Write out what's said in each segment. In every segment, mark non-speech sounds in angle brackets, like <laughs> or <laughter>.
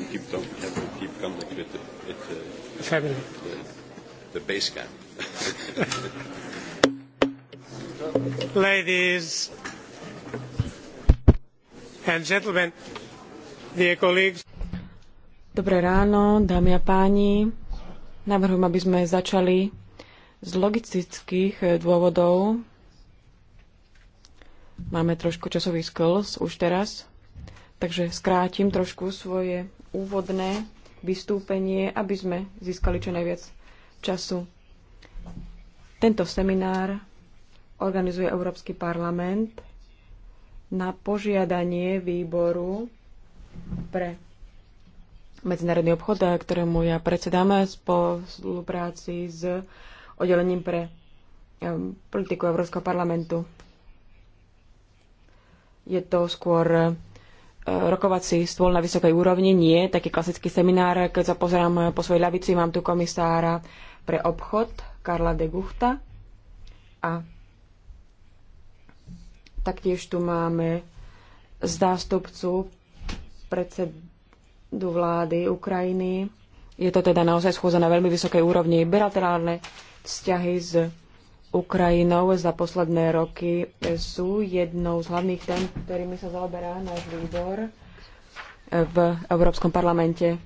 you keep come, have to keep coming with the, with the family, the, the base camp. <laughs> Ladies and gentlemen, dear colleagues. Dobré ráno, dámy a páni. Navrhujem, aby sme začali z logistických dôvodov. Máme trošku časový skls už teraz takže skrátim trošku svoje úvodné vystúpenie, aby sme získali čo najviac času. Tento seminár organizuje Európsky parlament na požiadanie výboru pre medzinárodný obchod, ktorému ja predsedám v spolupráci s oddelením pre politiku Európskeho parlamentu. Je to skôr rokovací stôl na vysokej úrovni, nie taký klasický seminár. Keď sa pozerám po svojej ľavici, mám tu komisára pre obchod Karla de Guchta a taktiež tu máme zástupcu predsedu vlády Ukrajiny. Je to teda naozaj schôza na veľmi vysokej úrovni bilaterálne vzťahy s Ukrajinou za posledné roky sú jednou z hlavných tém, ktorými sa zaoberá náš výbor eh, v Európskom parlamente.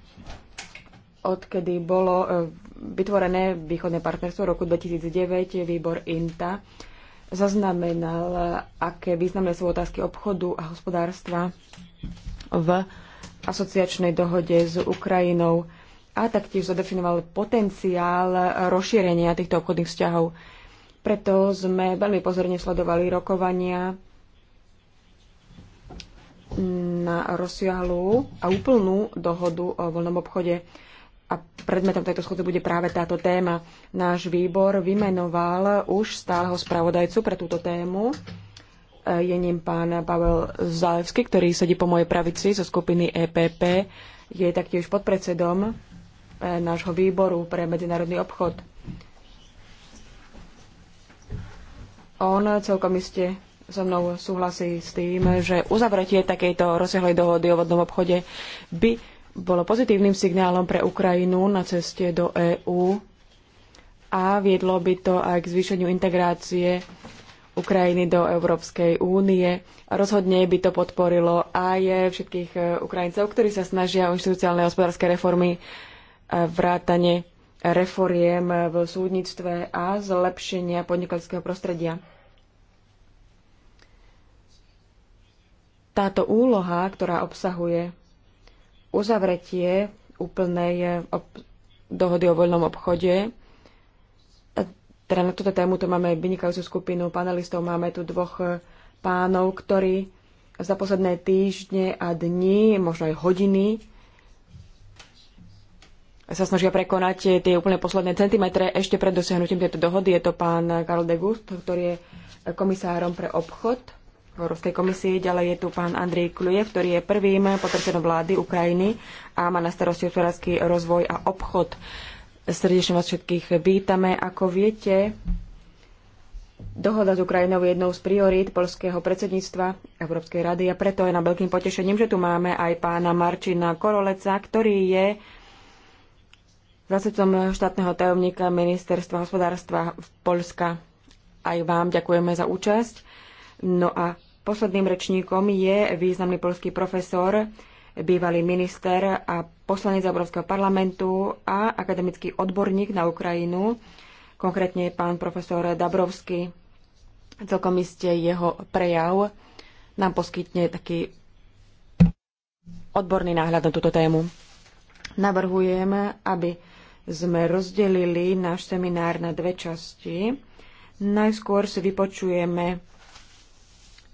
Odkedy bolo eh, vytvorené východné partnerstvo v roku 2009, výbor INTA zaznamenal, aké významné sú otázky obchodu a hospodárstva v asociačnej dohode s Ukrajinou a taktiež zadefinoval potenciál rozšírenia týchto obchodných vzťahov. Preto sme veľmi pozorne sledovali rokovania na rozsiahlu a úplnú dohodu o voľnom obchode. A predmetom tejto schôdze bude práve táto téma. Náš výbor vymenoval už stáleho spravodajcu pre túto tému. Je ním pán Pavel Zalevský, ktorý sedí po mojej pravici zo skupiny EPP. Je taktiež podpredsedom eh, nášho výboru pre medzinárodný obchod. On celkom iste so mnou súhlasí s tým, že uzavretie takejto rozsiahlej dohody o vodnom obchode by bolo pozitívnym signálom pre Ukrajinu na ceste do EÚ a viedlo by to aj k zvýšeniu integrácie Ukrajiny do Európskej únie. rozhodne by to podporilo aj všetkých eh, Ukrajincov, ktorí sa snažia o inštitucionálne a hospodárske reformy eh, vrátane reforiem v súdnictve a zlepšenia podnikateľského prostredia. táto úloha, ktorá obsahuje uzavretie úplnej eh, dohody o voľnom obchode, teda na túto tému tu máme vynikajúcu skupinu panelistov, máme tu dvoch eh, pánov, ktorí za posledné týždne a dni, možno aj hodiny, sa snažia prekonať eh, tie úplne posledné centimetre ešte pred dosiahnutím tejto dohody. Je to pán Karl de Gust, ktorý je komisárom pre obchod v Európskej komisii. Ďalej je tu pán Andrej Klujev, ktorý je prvým podpredsedom vlády Ukrajiny a má na starosti hospodársky rozvoj a obchod. Srdečne vás všetkých vítame. Ako viete, dohoda s Ukrajinou je jednou z priorít polského predsedníctva Európskej rady a preto je nám veľkým potešením, že tu máme aj pána Marčina Koroleca, ktorý je zástupcom štátneho tajomníka ministerstva hospodárstva v Polska. Aj vám ďakujeme za účasť. No a posledným rečníkom je významný polský profesor, bývalý minister a poslanec Európskeho parlamentu a akademický odborník na Ukrajinu, konkrétne pán profesor Dabrovský. Celkom iste jeho prejav nám poskytne taký odborný náhľad na túto tému. Navrhujem, aby sme rozdelili náš seminár na dve časti. Najskôr si vypočujeme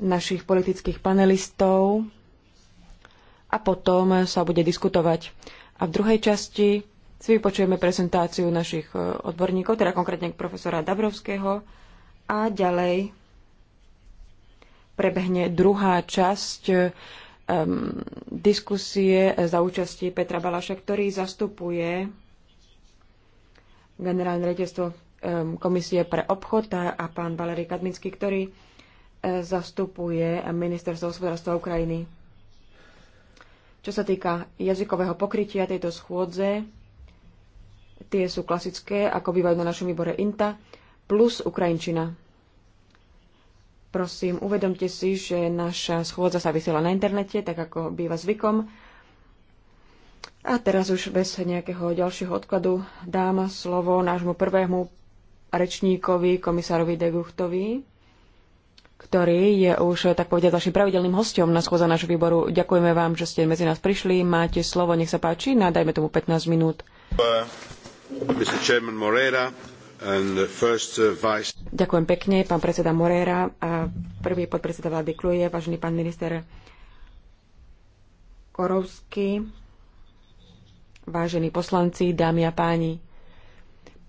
našich politických panelistov a potom sa bude diskutovať. A v druhej časti si vypočujeme prezentáciu našich e, odborníkov, teda konkrétne profesora Dabrovského a ďalej prebehne druhá časť um, diskusie za účasti Petra Balaša, ktorý zastupuje generálne rediteľstvo um, Komisie pre obchod a, a pán Valery Kadmický, ktorý zastupuje ministerstvo hospodárstva Ukrajiny. Čo sa týka jazykového pokrytia tejto schôdze, tie sú klasické, ako bývajú na našom výbore INTA, plus Ukrajinčina. Prosím, uvedomte si, že naša schôdza sa vysiela na internete, tak ako býva zvykom. A teraz už bez nejakého ďalšieho odkladu dám slovo nášmu prvému rečníkovi, komisárovi Deguchtovi ktorý je už, eh, tak povediať, našim pravidelným hostom na schôdza nášho výboru. Ďakujeme vám, že ste medzi nás prišli. Máte slovo, nech sa páči, na dajme tomu 15 minút. Uh, uh, Ďakujem pekne, pán predseda Morera a prvý podpredseda vlády Kluje, vážený pán minister Korovský, vážení poslanci, dámy a páni.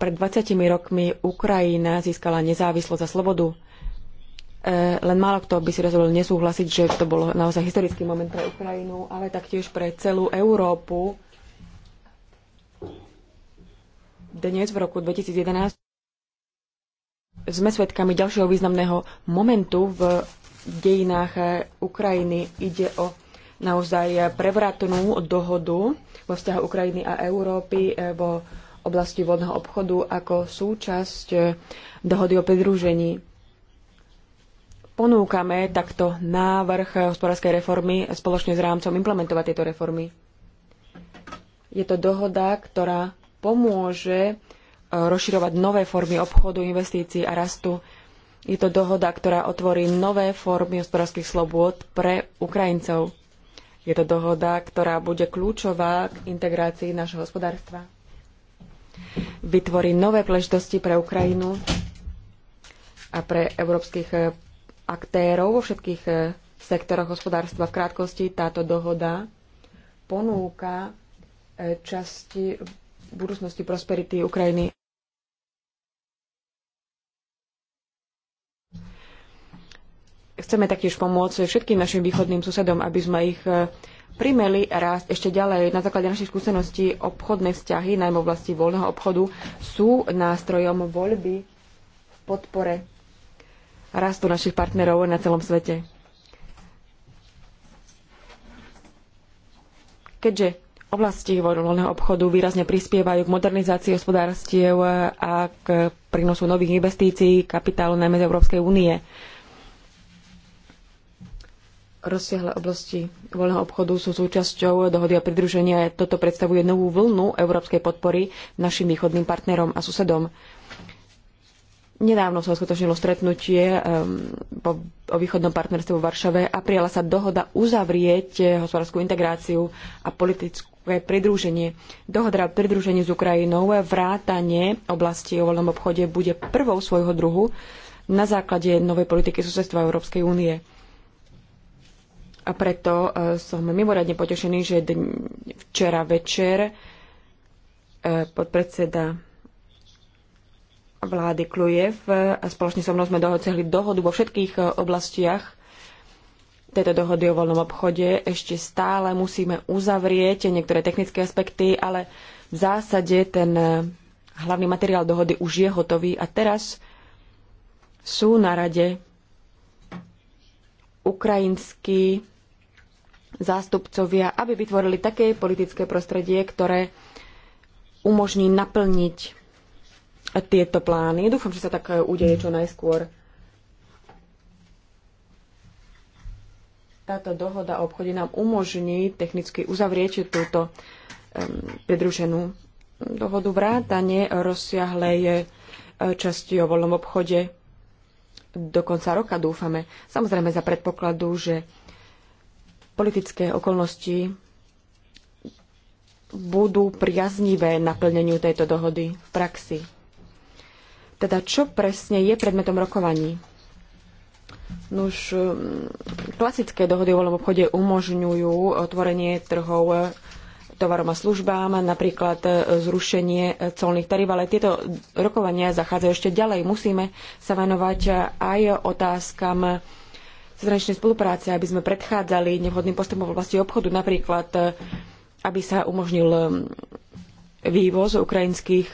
Pred 20 rokmi Ukrajina získala nezávislosť a slobodu Eh, len málo kto by si rozhodol nesúhlasiť, že to bol naozaj historický moment pre Ukrajinu, ale taktiež pre celú Európu. Dnes v roku 2011 sme svedkami ďalšieho významného momentu v dejinách eh, Ukrajiny. Ide o naozaj prevratnú dohodu vo vzťahu Ukrajiny a Európy eh, vo oblasti vodného obchodu ako súčasť dohody o pridružení ponúkame takto návrh hospodárskej reformy spoločne s rámcom implementovať tieto reformy. Je to dohoda, ktorá pomôže e, rozširovať nové formy obchodu, investícií a rastu. Je to dohoda, ktorá otvorí nové formy hospodárskych slobôd pre Ukrajincov. Je to dohoda, ktorá bude kľúčová k integrácii našho hospodárstva. Vytvorí nové pležitosti pre Ukrajinu a pre európskych aktérov vo všetkých e, sektoroch hospodárstva. V krátkosti táto dohoda ponúka e, časti budúcnosti prosperity Ukrajiny. Chceme taktiež pomôcť všetkým našim východným susedom, aby sme ich e, primeli rásť ešte ďalej. Na základe našich skúseností obchodné vzťahy, najmä v oblasti voľného obchodu, sú nástrojom voľby v podpore rastu našich partnerov na celom svete. Keďže oblasti voľného obchodu výrazne prispievajú k modernizácii hospodárstiev a k prínosu nových investícií, kapitálu najmä z Európskej únie. Rozsiahle oblasti voľného obchodu sú súčasťou dohody a pridruženia, toto predstavuje novú vlnu európskej podpory našim východným partnerom a susedom. Nedávno sa uskutočnilo stretnutie o východnom partnerstve v Varšave a prijala sa dohoda uzavrieť eh, hospodárskú integráciu a politické pridruženie. Dohoda o pridružení s Ukrajinou eh, vrátanie oblasti o voľnom obchode bude prvou svojho druhu na základe novej politiky susedstva Európskej únie. A preto eh, som mimoriadne potešený, že včera večer podpredseda vlády Klujev a spoločne so mnou sme dohodli dohodu vo všetkých e, oblastiach tejto dohody o voľnom obchode. Ešte stále musíme uzavrieť niektoré technické aspekty, ale v zásade ten e, hlavný materiál dohody už je hotový a teraz sú na rade ukrajinskí zástupcovia, aby vytvorili také politické prostredie, ktoré umožní naplniť tieto plány. Dúfam, že sa tak udeje čo najskôr. Táto dohoda o obchode nám umožní technicky uzavrieť túto pridruženú dohodu vrátane rozsiahlej eh, časti o voľnom obchode do konca roka, dúfame. Samozrejme za predpokladu, že politické okolnosti budú priaznivé naplneniu tejto dohody v praxi. Teda čo presne je predmetom rokovaní? Nuž, um, klasické dohody o voľnom obchode umožňujú otvorenie uh, trhov uh, tovarom a službám, napríklad uh, zrušenie colných tarív, ale tieto rokovania zachádzajú ešte ďalej. Musíme sa venovať aj otázkam zahraničnej spolupráce, aby sme predchádzali nevhodným postupom v oblasti obchodu, napríklad aby sa umožnil um, vývoz ukrajinských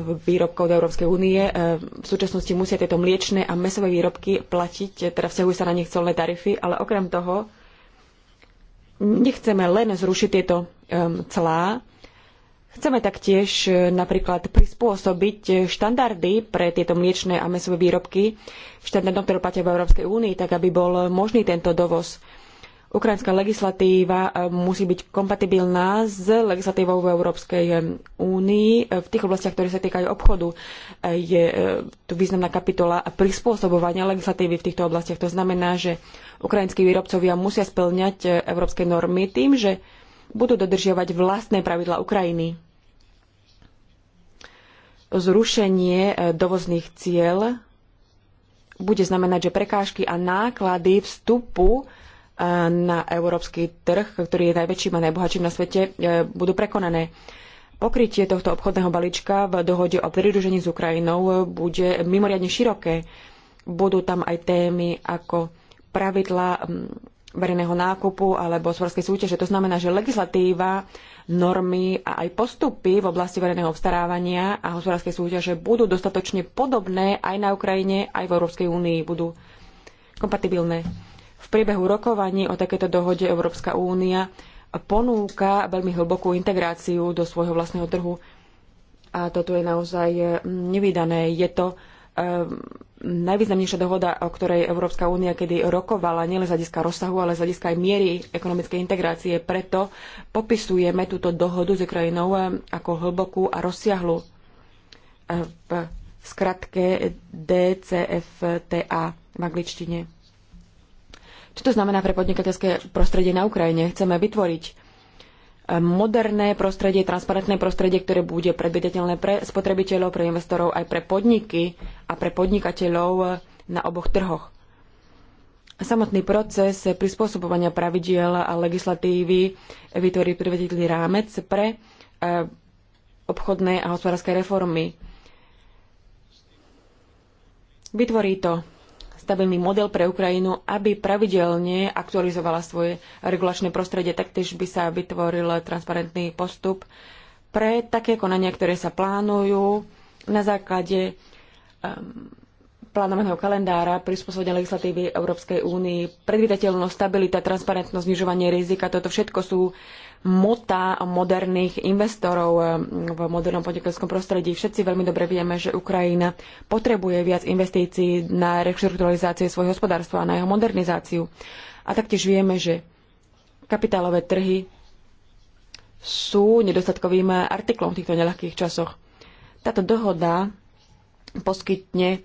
výrobkov do Európskej únie. E, v súčasnosti musia tieto mliečne a mesové výrobky platiť, teda vzťahujú sa na nich colné tarify, ale okrem toho nechceme len zrušiť tieto clá, Chceme taktiež e, napríklad prispôsobiť štandardy pre tieto mliečne a mesové výrobky štandardom, ktoré platia v Európskej únii, tak aby bol možný tento dovoz. Ukrajinská legislatíva e, musí byť kompatibilná s legislatívou v Európskej e, únii e, v tých oblastiach, ktoré sa týkajú obchodu. Je tu významná kapitola prispôsobovania legislatívy v týchto oblastiach. To znamená, že ukrajinskí výrobcovia musia splňať európske normy tým, že budú dodržiavať vlastné pravidlá Ukrajiny. Zrušenie dovozných ciel bude znamenať, že prekážky a náklady vstupu na európsky trh, ktorý je najväčším a najbohatším na svete, e, budú prekonané. Pokrytie tohto obchodného balíčka v dohode o pridružení s Ukrajinou bude mimoriadne široké. Budú tam aj témy ako pravidla verejného nákupu alebo svorskej súťaže. To znamená, že legislatíva, normy a aj postupy v oblasti verejného obstarávania a hospodárskej súťaže budú dostatočne podobné aj na Ukrajine, aj v Európskej únii budú kompatibilné. V priebehu rokovaní o takéto dohode Európska únia ponúka veľmi hlbokú integráciu do svojho vlastného trhu. A toto je naozaj e, nevydané. Je to e, najvýznamnejšia dohoda, o ktorej Európska únia kedy rokovala, nielen z hľadiska rozsahu, ale z hľadiska aj miery ekonomickej integrácie. Preto popisujeme túto dohodu s Ukrajinou e, ako hlbokú a rozsiahlu v skratke DCFTA v angličtine. Čo to znamená pre podnikateľské prostredie na Ukrajine? Chceme vytvoriť e, moderné prostredie, transparentné prostredie, ktoré bude predvedateľné pre spotrebiteľov, pre investorov, aj pre podniky a pre podnikateľov e, na oboch trhoch. Samotný proces prispôsobovania pravidiel a legislatívy vytvorí predvedateľný rámec pre e, obchodné a hospodárske reformy. Vytvorí to stabilný model pre Ukrajinu, aby pravidelne aktualizovala svoje regulačné prostredie. Taktiež by sa vytvoril transparentný postup pre také konania, ktoré sa plánujú na základe um, ehm, plánovaného kalendára, prispôsobenia legislatívy Európskej únii, predvídateľnosť, stabilita, transparentnosť, znižovanie rizika. Toto všetko sú mota moderných investorov eh, v modernom podnikateľskom prostredí. Všetci veľmi dobre vieme, že Ukrajina potrebuje viac investícií na reštrukturalizáciu svojho hospodárstva a na jeho modernizáciu. A taktiež vieme, že kapitálové trhy sú nedostatkovým artiklom v týchto neľahkých časoch. Táto dohoda poskytne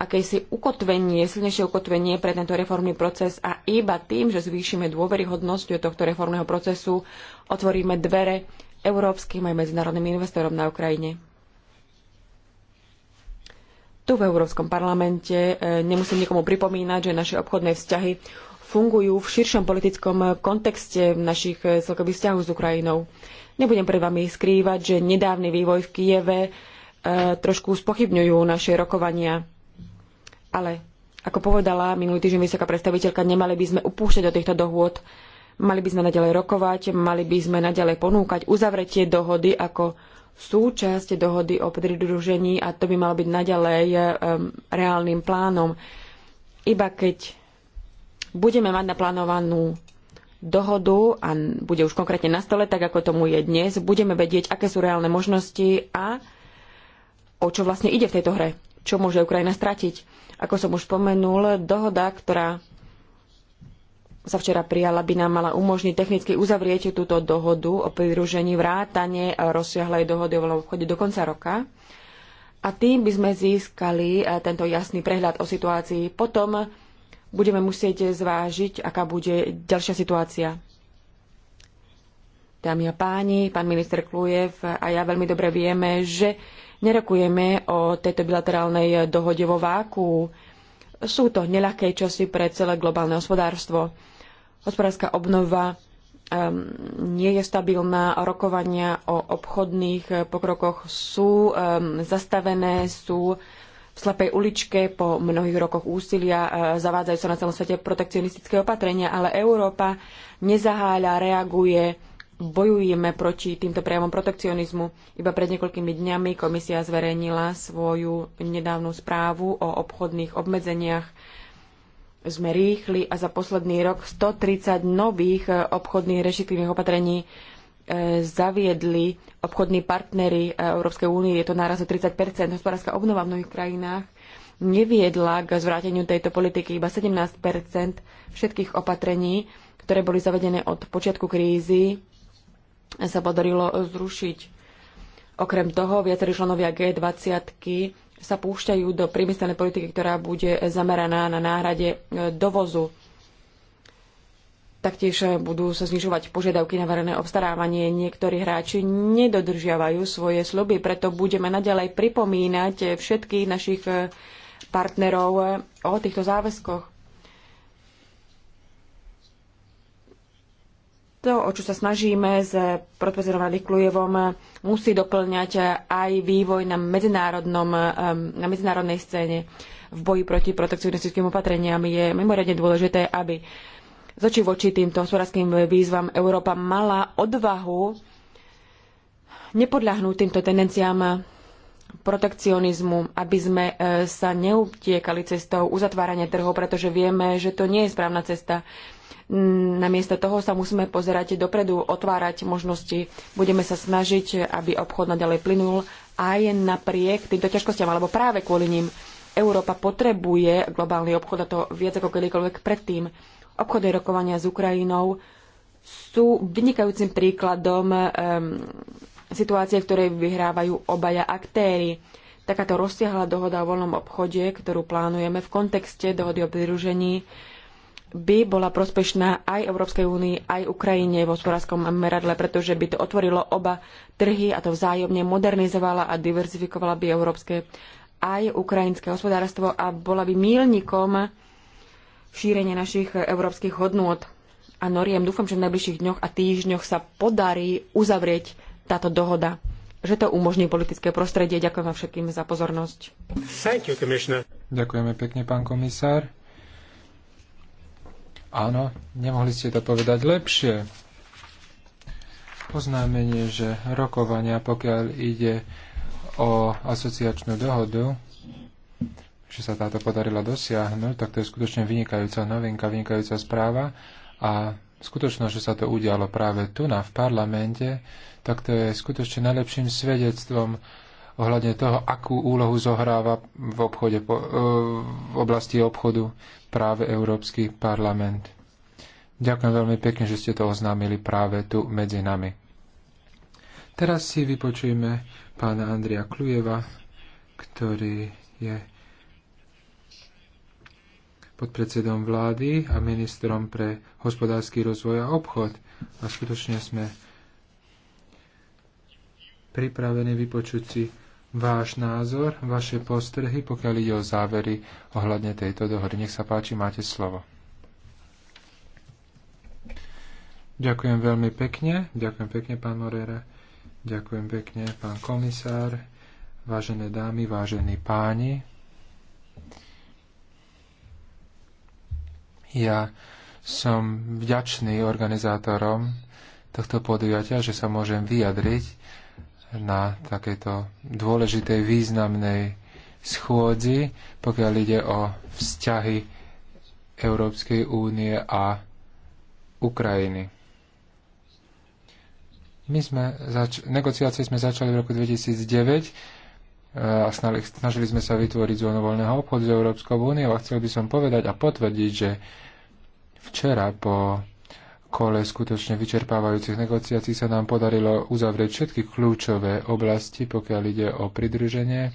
akési ukotvenie, silnejšie ukotvenie pre tento reformný proces a iba tým, že zvýšime dôveryhodnosť tohto reformného procesu, otvoríme dvere európskym aj medzinárodným investorom na Ukrajine. Tu v Európskom parlamente e, nemusím nikomu pripomínať, že naše obchodné vzťahy fungujú v širšom politickom kontexte našich e, celkových vzťahov s Ukrajinou. Nebudem pred vami skrývať, že nedávny vývoj v Kieve e, trošku spochybňujú naše rokovania ale, ako povedala minulý týždeň vysoká predstaviteľka, nemali by sme upúšťať od týchto dohôd. Mali by sme naďalej rokovať, mali by sme naďalej ponúkať uzavretie dohody ako súčasť dohody o pridružení a to by malo byť naďalej um, reálnym plánom. Iba keď budeme mať naplánovanú dohodu a bude už konkrétne na stole, tak ako tomu je dnes, budeme vedieť, aké sú reálne možnosti a o čo vlastne ide v tejto hre čo môže Ukrajina stratiť. Ako som už spomenul, dohoda, ktorá sa včera prijala, by nám mala umožniť technicky uzavrieť túto dohodu o pridružení vrátane rozsiahlej dohody o obchode do konca roka. A tým by sme získali eh, tento jasný prehľad o situácii. Potom budeme musieť zvážiť, aká bude ďalšia situácia. Dámy a páni, pán minister Klujev a ja veľmi dobre vieme, že Nerokujeme o tejto bilaterálnej dohode vo váku. Sú to neľahké časy pre celé globálne hospodárstvo. Hospodárska obnova ehm, nie je stabilná, rokovania o obchodných pokrokoch sú ehm, zastavené, sú v slepej uličke po mnohých rokoch úsilia, e, zavádzajú sa na celom svete protekcionistické opatrenia, ale Európa nezaháľa, reaguje, bojujeme proti týmto prejavom protekcionizmu. Iba pred niekoľkými dňami komisia zverejnila svoju nedávnu správu o obchodných obmedzeniach. Sme rýchli a za posledný rok 130 nových obchodných rešitívnych opatrení e, zaviedli obchodní partnery e, Európskej únie. Je to náraz o 30 Hospodárska obnova v mnohých krajinách neviedla k zvráteniu tejto politiky iba 17 všetkých opatrení, ktoré boli zavedené od počiatku krízy, sa podarilo e, zrušiť. Okrem toho, viacerí členovia G20 sa púšťajú do priemyselnej politiky, ktorá bude zameraná na náhrade e, dovozu. Taktiež e, budú sa znižovať požiadavky na verejné obstarávanie. Niektorí hráči nedodržiavajú svoje sluby, preto budeme naďalej pripomínať všetkých našich partnerov o týchto záväzkoch. To, o čo sa snažíme s profesorom Liklujevom, musí doplňať aj vývoj na, medzinárodnom, na medzinárodnej scéne v boji proti protekcionistickým opatreniam. Je mimoriadne dôležité, aby z oči voči týmto hospodárským výzvam Európa mala odvahu nepodľahnúť týmto tendenciám protekcionizmu, aby sme e, sa neutiekali cestou uzatvárania trhov, pretože vieme, že to nie je správna cesta. Namiesto toho sa musíme pozerať dopredu, otvárať možnosti. Budeme sa snažiť, aby obchod naďalej plynul aj napriek týmto ťažkostiam, alebo práve kvôli nim. Európa potrebuje globálny obchod a to viac ako kedykoľvek predtým. Obchodné rokovania s Ukrajinou sú vynikajúcim príkladom um, situácie, v ktorej vyhrávajú obaja aktéry. Takáto rozsiahla dohoda o voľnom obchode, ktorú plánujeme v kontexte dohody o pridružení, by bola prospešná aj Európskej únii, aj Ukrajine v hospodárskom meradle, pretože by to otvorilo oba trhy a to vzájomne modernizovala a diverzifikovala by európske aj ukrajinské hospodárstvo a bola by mílnikom šírenia našich európskych hodnôt a noriem. Dúfam, že v najbližších dňoch a týždňoch sa podarí uzavrieť táto dohoda, že to umožní politické prostredie. Ďakujem vám všetkým za pozornosť. You, Ďakujeme pekne, pán komisár. Áno, nemohli ste to povedať lepšie. poznámenie, že rokovania, pokiaľ ide o asociačnú dohodu, že sa táto podarila dosiahnuť, tak to je skutočne vynikajúca novinka, vynikajúca správa a skutočno, že sa to udialo práve tu na v parlamente, tak to je skutočne najlepším svedectvom ohľadne toho, akú úlohu zohráva v, obchode, e, v oblasti obchodu práve Európsky parlament. Ďakujem veľmi pekne, že ste to oznámili práve tu medzi nami. Teraz si vypočujeme pána Andria Klujeva, ktorý je podpredsedom vlády a ministrom pre hospodársky rozvoj a obchod. A skutočne sme pripravení vypočuť si váš názor, vaše postrehy, pokiaľ ide o závery ohľadne tejto dohody. Nech sa páči, máte slovo. Ďakujem veľmi pekne. Ďakujem pekne, pán Morera. Ďakujem pekne, pán komisár. Vážené dámy, vážení páni. Ja som vďačný organizátorom tohto podujatia, že sa môžem vyjadriť na takejto dôležitej, významnej schôdzi, pokiaľ ide o vzťahy Európskej únie a Ukrajiny. My sme zač- negociácie sme začali v roku 2009 e, a snažili sme sa vytvoriť zónu voľného obchodu s Európskou úniou a chcel by som povedať a potvrdiť, že včera po kole skutočne vyčerpávajúcich negociácií sa nám podarilo uzavrieť všetky kľúčové oblasti, pokiaľ ide o pridruženie,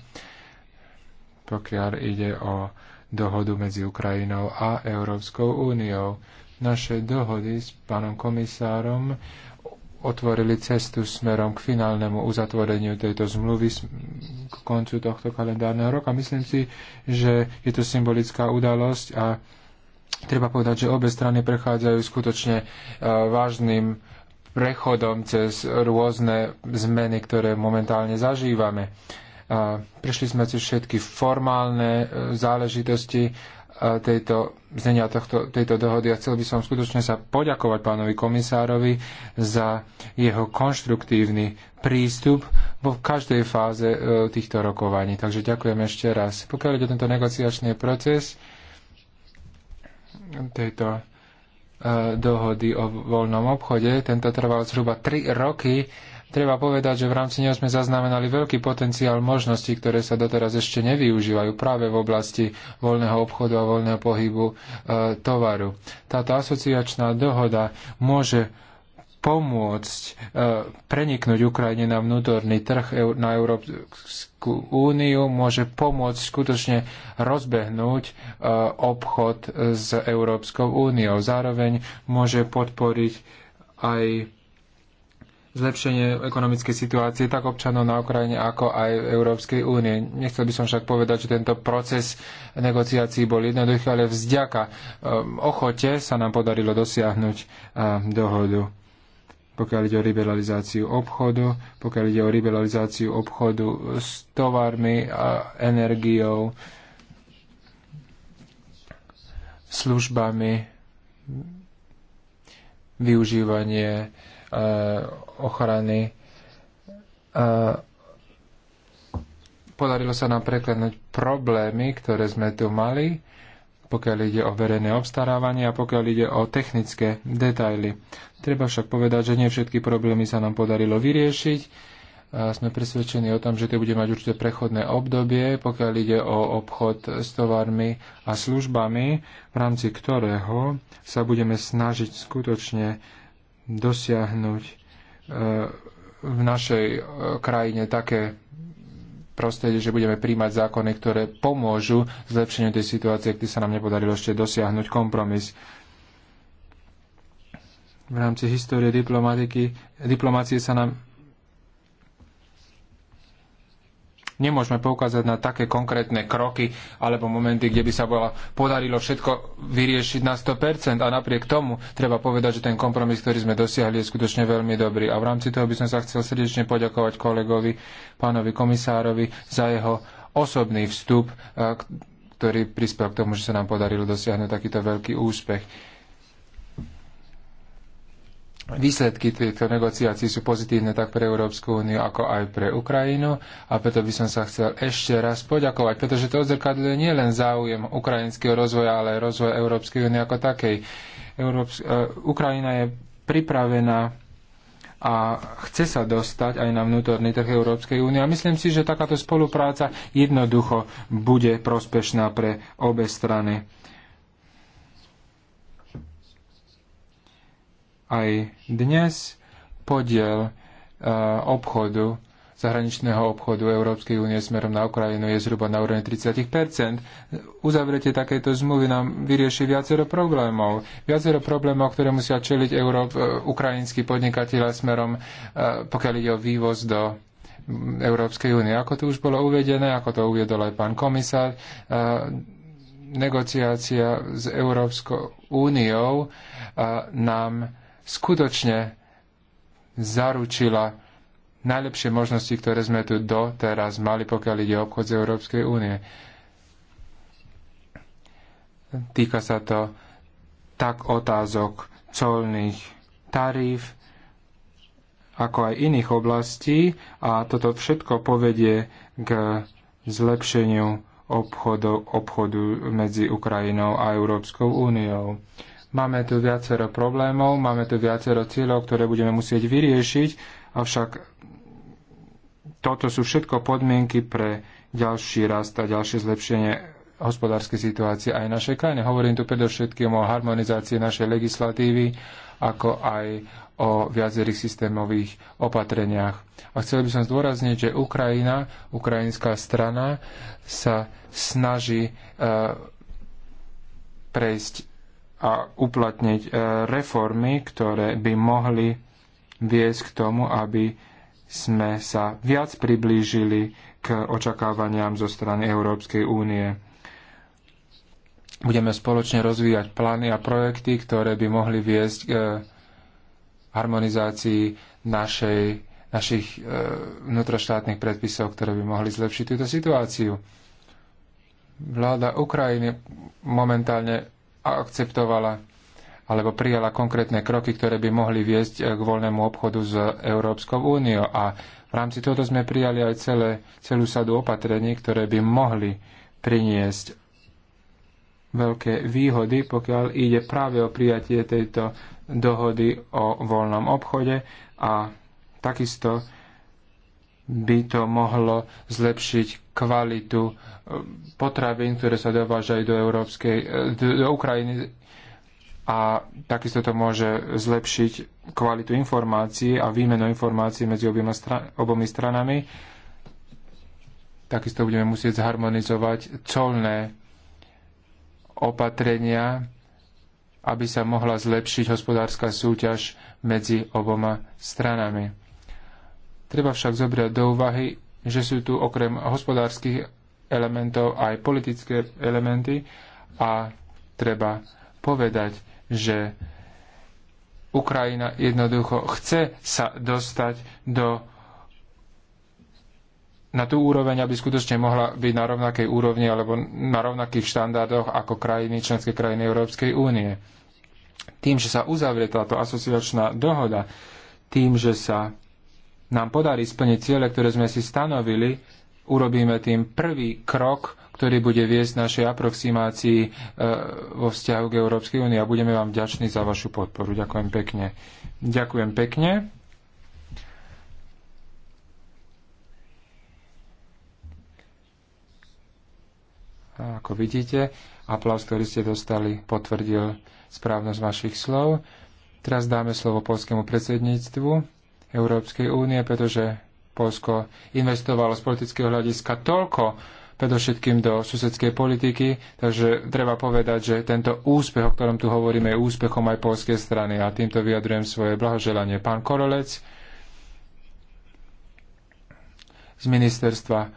pokiaľ ide o dohodu medzi Ukrajinou a Európskou úniou. Naše dohody s pánom komisárom otvorili cestu smerom k finálnemu uzatvoreniu tejto zmluvy k koncu tohto kalendárneho roka. Myslím si, že je to symbolická udalosť a treba povedať, že obe strany prechádzajú skutočne e, vážnym prechodom cez rôzne zmeny, ktoré momentálne zažívame. E, prešli sme cez všetky formálne e, záležitosti tejto, znenia tohto, tejto dohody a chcel by som skutočne sa poďakovať pánovi komisárovi za jeho konštruktívny prístup vo každej fáze týchto rokovaní. Takže ďakujem ešte raz. Pokiaľ ide o tento negociačný proces, tejto e, dohody o voľnom obchode. Tento trval zhruba 3 roky. Treba povedať, že v rámci neho sme zaznamenali veľký potenciál možností, ktoré sa doteraz ešte nevyužívajú práve v oblasti voľného obchodu a voľného pohybu e, tovaru. Táto asociačná dohoda môže pomôcť e, preniknúť Ukrajine na vnútorný trh na Európsku úniu, môže pomôcť skutočne rozbehnúť e, obchod s Európskou úniou. Zároveň môže podporiť aj zlepšenie ekonomickej situácie tak občanov na Ukrajine, ako aj v Európskej únie. Nechcel by som však povedať, že tento proces negociácií bol jednoduchý, ale vzďaka e, ochote sa nám podarilo dosiahnuť dohodu pokiaľ ide o liberalizáciu obchodu, pokiaľ ide o liberalizáciu obchodu s tovarmi a energiou, službami, využívanie e, ochrany. E, podarilo sa nám preklenúť problémy, ktoré sme tu mali pokiaľ ide o verejné obstarávanie a pokiaľ ide o technické detaily. Treba však povedať, že nie všetky problémy sa nám podarilo vyriešiť. A sme presvedčení o tom, že to bude mať určite prechodné obdobie, pokiaľ ide o obchod s tovarmi a službami, v rámci ktorého sa budeme snažiť skutočne dosiahnuť e, v našej e, krajine také prostredie, že budeme príjmať zákony, ktoré pomôžu zlepšeniu tej situácie, kde sa nám nepodarilo ešte dosiahnuť kompromis. V rámci histórie diplomatiky, diplomácie sa nám Nemôžeme poukázať na také konkrétne kroky alebo momenty, kde by sa bola, podarilo všetko vyriešiť na 100%. A napriek tomu treba povedať, že ten kompromis, ktorý sme dosiahli, je skutočne veľmi dobrý. A v rámci toho by som sa chcel srdečne poďakovať kolegovi, pánovi komisárovi, za jeho osobný vstup, eh, ktorý prispel k tomu, že sa nám podarilo dosiahnuť takýto veľký úspech výsledky týchto negociácií sú pozitívne tak pre Európsku úniu, ako aj pre Ukrajinu a preto by som sa chcel ešte raz poďakovať, pretože to odzrkadľuje len záujem ukrajinského rozvoja, ale aj rozvoj Európskej únie ako takej. Európs- uh, Ukrajina je pripravená a chce sa dostať aj na vnútorný trh Európskej únie. A myslím si, že takáto spolupráca jednoducho bude prospešná pre obe strany. aj dnes podiel e, obchodu, zahraničného obchodu Európskej únie smerom na Ukrajinu je zhruba na úrovni 30 Uzavretie takéto zmluvy nám vyrieši viacero problémov. Viacero problémov, ktoré musia čeliť Európ, e, ukrajinskí podnikatelia smerom, e, pokiaľ ide o vývoz do Európskej únie. Ako to už bolo uvedené, ako to uviedol aj pán komisár, negociácia s Európskou úniou nám skutočne zaručila najlepšie možnosti, ktoré sme tu doteraz mali, pokiaľ ide o obchod z Európskej únie. Týka sa to tak otázok colných taríf, ako aj iných oblastí a toto všetko povedie k zlepšeniu obchodu, obchodu medzi Ukrajinou a Európskou úniou. Máme tu viacero problémov, máme tu viacero cieľov, ktoré budeme musieť vyriešiť, avšak toto sú všetko podmienky pre ďalší rast a ďalšie zlepšenie hospodárskej situácie aj našej krajine. Hovorím tu predovšetkým o harmonizácii našej legislatívy, ako aj o viacerých systémových opatreniach. A chcel by som zdôrazniť, že Ukrajina, ukrajinská strana sa snaží e, prejsť a uplatniť e, reformy, ktoré by mohli viesť k tomu, aby sme sa viac priblížili k očakávaniam zo strany Európskej únie. Budeme spoločne rozvíjať plány a projekty, ktoré by mohli viesť k e, harmonizácii našej, našich e, vnútroštátnych predpisov, ktoré by mohli zlepšiť túto situáciu. Vláda Ukrajiny momentálne akceptovala alebo prijala konkrétne kroky, ktoré by mohli viesť eh, k voľnému obchodu s Európskou úniou. A v rámci toho sme prijali aj celé, celú sadu opatrení, ktoré by mohli priniesť veľké výhody, pokiaľ ide práve o prijatie tejto dohody o voľnom obchode a takisto by to mohlo zlepšiť kvalitu potravín, ktoré sa dovážajú do, Európskej, do Ukrajiny a takisto to môže zlepšiť kvalitu informácií a výmenu informácií medzi obyma stran- obomi stranami. Takisto budeme musieť zharmonizovať colné opatrenia, aby sa mohla zlepšiť hospodárska súťaž medzi oboma stranami. Treba však zobrať do úvahy, že sú tu okrem hospodárskych elementov aj politické elementy a treba povedať, že Ukrajina jednoducho chce sa dostať do na tú úroveň, aby skutočne mohla byť na rovnakej úrovni alebo na rovnakých štandardoch ako krajiny, členské krajiny Európskej únie. Tým, že sa uzavrie táto asociačná dohoda, tým, že sa nám podarí splniť ciele, ktoré sme si stanovili, urobíme tým prvý krok, ktorý bude viesť našej aproximácii e, vo vzťahu k Európskej únii a budeme vám vďační za vašu podporu. Ďakujem pekne. Ďakujem pekne. A ako vidíte, aplaus, ktorý ste dostali, potvrdil správnosť vašich slov. Teraz dáme slovo polskému predsedníctvu Európskej únie, pretože Polsko investovalo z politického hľadiska toľko, predovšetkým do susedskej politiky, takže treba povedať, že tento úspech, o ktorom tu hovoríme, je úspechom aj polskej strany a týmto vyjadrujem svoje blahoželanie. Pán Korolec z ministerstva uh,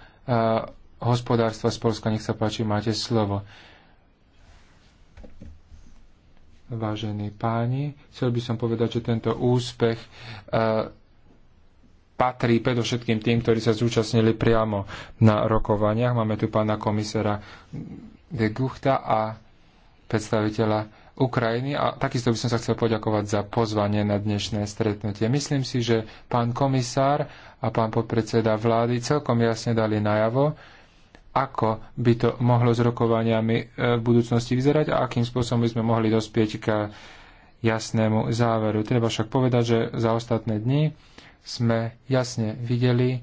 hospodárstva z Polska, nech sa páči, máte slovo. Vážení páni, chcel by som povedať, že tento úspech uh, patrí predovšetkým tým, ktorí sa zúčastnili priamo na rokovaniach. Máme tu pána komisera de Guchta a predstaviteľa Ukrajiny a takisto by som sa chcel poďakovať za pozvanie na dnešné stretnutie. Myslím si, že pán komisár a pán podpredseda vlády celkom jasne dali najavo, ako by to mohlo s rokovaniami e, v budúcnosti vyzerať a akým spôsobom by sme mohli dospieť k jasnému záveru. Treba však povedať, že za ostatné dni sme jasne videli,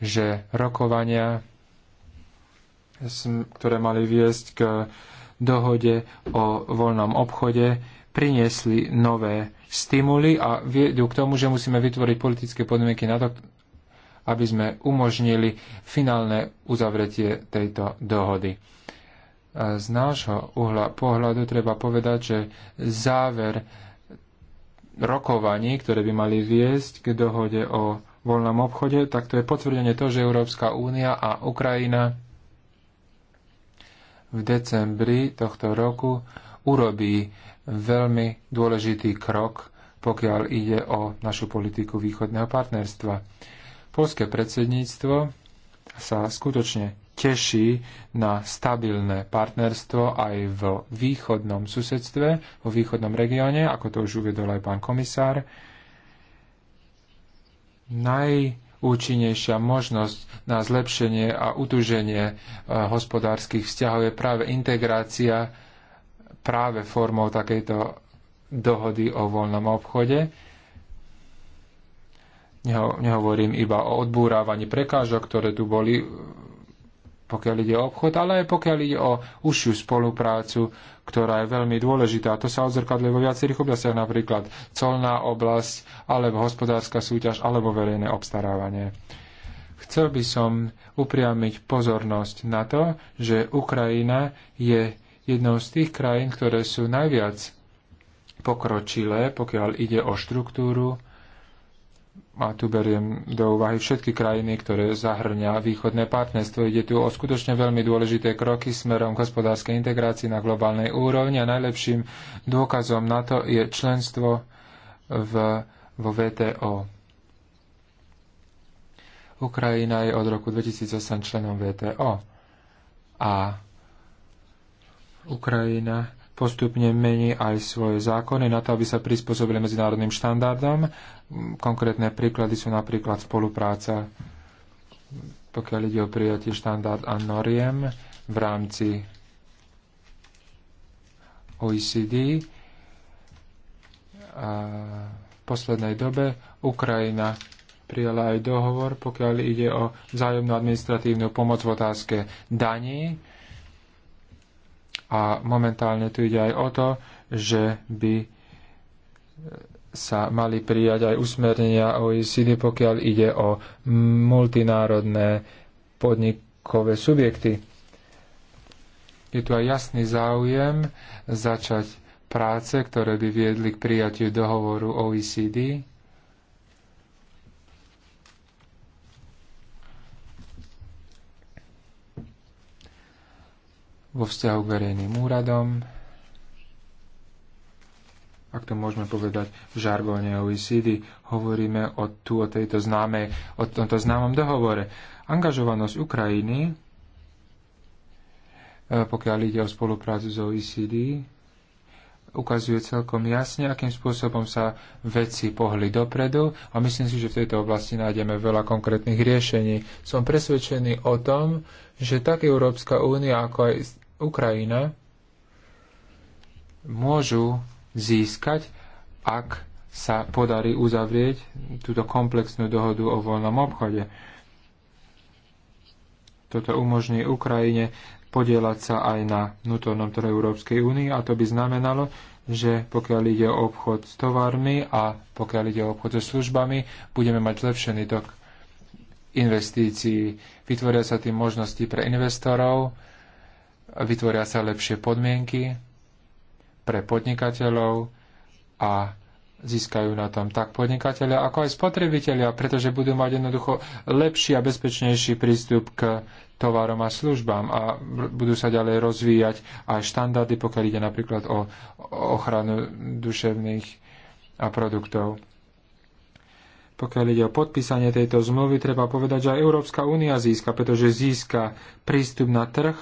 že rokovania, ktoré mali viesť k dohode o voľnom obchode, priniesli nové stimuly a viedú k tomu, že musíme vytvoriť politické podmienky na to, aby sme umožnili finálne uzavretie tejto dohody. Z nášho uhla pohľadu treba povedať, že záver rokovaní, ktoré by mali viesť k dohode o voľnom obchode, tak to je potvrdenie to, že Európska únia a Ukrajina v decembri tohto roku urobí veľmi dôležitý krok, pokiaľ ide o našu politiku východného partnerstva. Polské predsedníctvo sa skutočne teší na stabilné partnerstvo aj v východnom susedstve, vo východnom regióne, ako to už uvedol aj pán komisár. Najúčinnejšia možnosť na zlepšenie a utuženie eh, hospodárskych vzťahov je práve integrácia práve formou takejto dohody o voľnom obchode. Neho, nehovorím iba o odbúrávaní prekážok, ktoré tu boli pokiaľ ide o obchod, ale aj pokiaľ ide o užšiu spoluprácu, ktorá je veľmi dôležitá. To sa odzrkadľuje vo viacerých oblastiach, napríklad colná oblasť, alebo hospodárska súťaž, alebo verejné obstarávanie. Chcel by som upriamiť pozornosť na to, že Ukrajina je jednou z tých krajín, ktoré sú najviac pokročilé, pokiaľ ide o štruktúru a tu beriem do úvahy všetky krajiny, ktoré zahrňa východné partnerstvo. Ide tu o skutočne veľmi dôležité kroky smerom k hospodárskej integrácii na globálnej úrovni a najlepším dôkazom na to je členstvo v, vo VTO. Ukrajina je od roku 2008 členom VTO a Ukrajina postupne mení aj svoje zákony na to, aby sa prispôsobili medzinárodným štandardom. Konkrétne príklady sú napríklad spolupráca, pokiaľ ide o prijatie štandard a noriem v rámci OECD. A v poslednej dobe Ukrajina prijala aj dohovor, pokiaľ ide o vzájomnú administratívnu pomoc v otázke daní a momentálne tu ide aj o to, že by sa mali prijať aj usmernenia OECD, pokiaľ ide o multinárodné podnikové subjekty. Je tu aj jasný záujem začať práce, ktoré by viedli k prijatiu dohovoru OECD vo vzťahu k verejným úradom, ak to môžeme povedať v žargóne OECD, hovoríme o, tu, o, tejto známej, o tomto známom dohovore. Angažovanosť Ukrajiny, e, pokiaľ ide o spoluprácu s OECD, ukazuje celkom jasne, akým spôsobom sa veci pohli dopredu a myslím si, že v tejto oblasti nájdeme veľa konkrétnych riešení. Som presvedčený o tom, že tak Európska únia ako aj Ukrajina môžu získať, ak sa podarí uzavrieť túto komplexnú dohodu o voľnom obchode. Toto umožní Ukrajine podielať sa aj na vnútornom trhu Európskej únie a to by znamenalo, že pokiaľ ide o obchod s tovarmi a pokiaľ ide o obchod so službami, budeme mať zlepšený tok investícií. Vytvoria sa tým možnosti pre investorov, vytvoria sa lepšie podmienky pre podnikateľov a získajú na tom tak podnikatelia, ako aj spotrebitelia, pretože budú mať jednoducho lepší a bezpečnejší prístup k tovarom a službám a budú sa ďalej rozvíjať aj štandardy, pokiaľ ide napríklad o ochranu duševných a produktov. Pokiaľ ide o podpísanie tejto zmluvy, treba povedať, že aj Európska únia získa, pretože získa prístup na trh,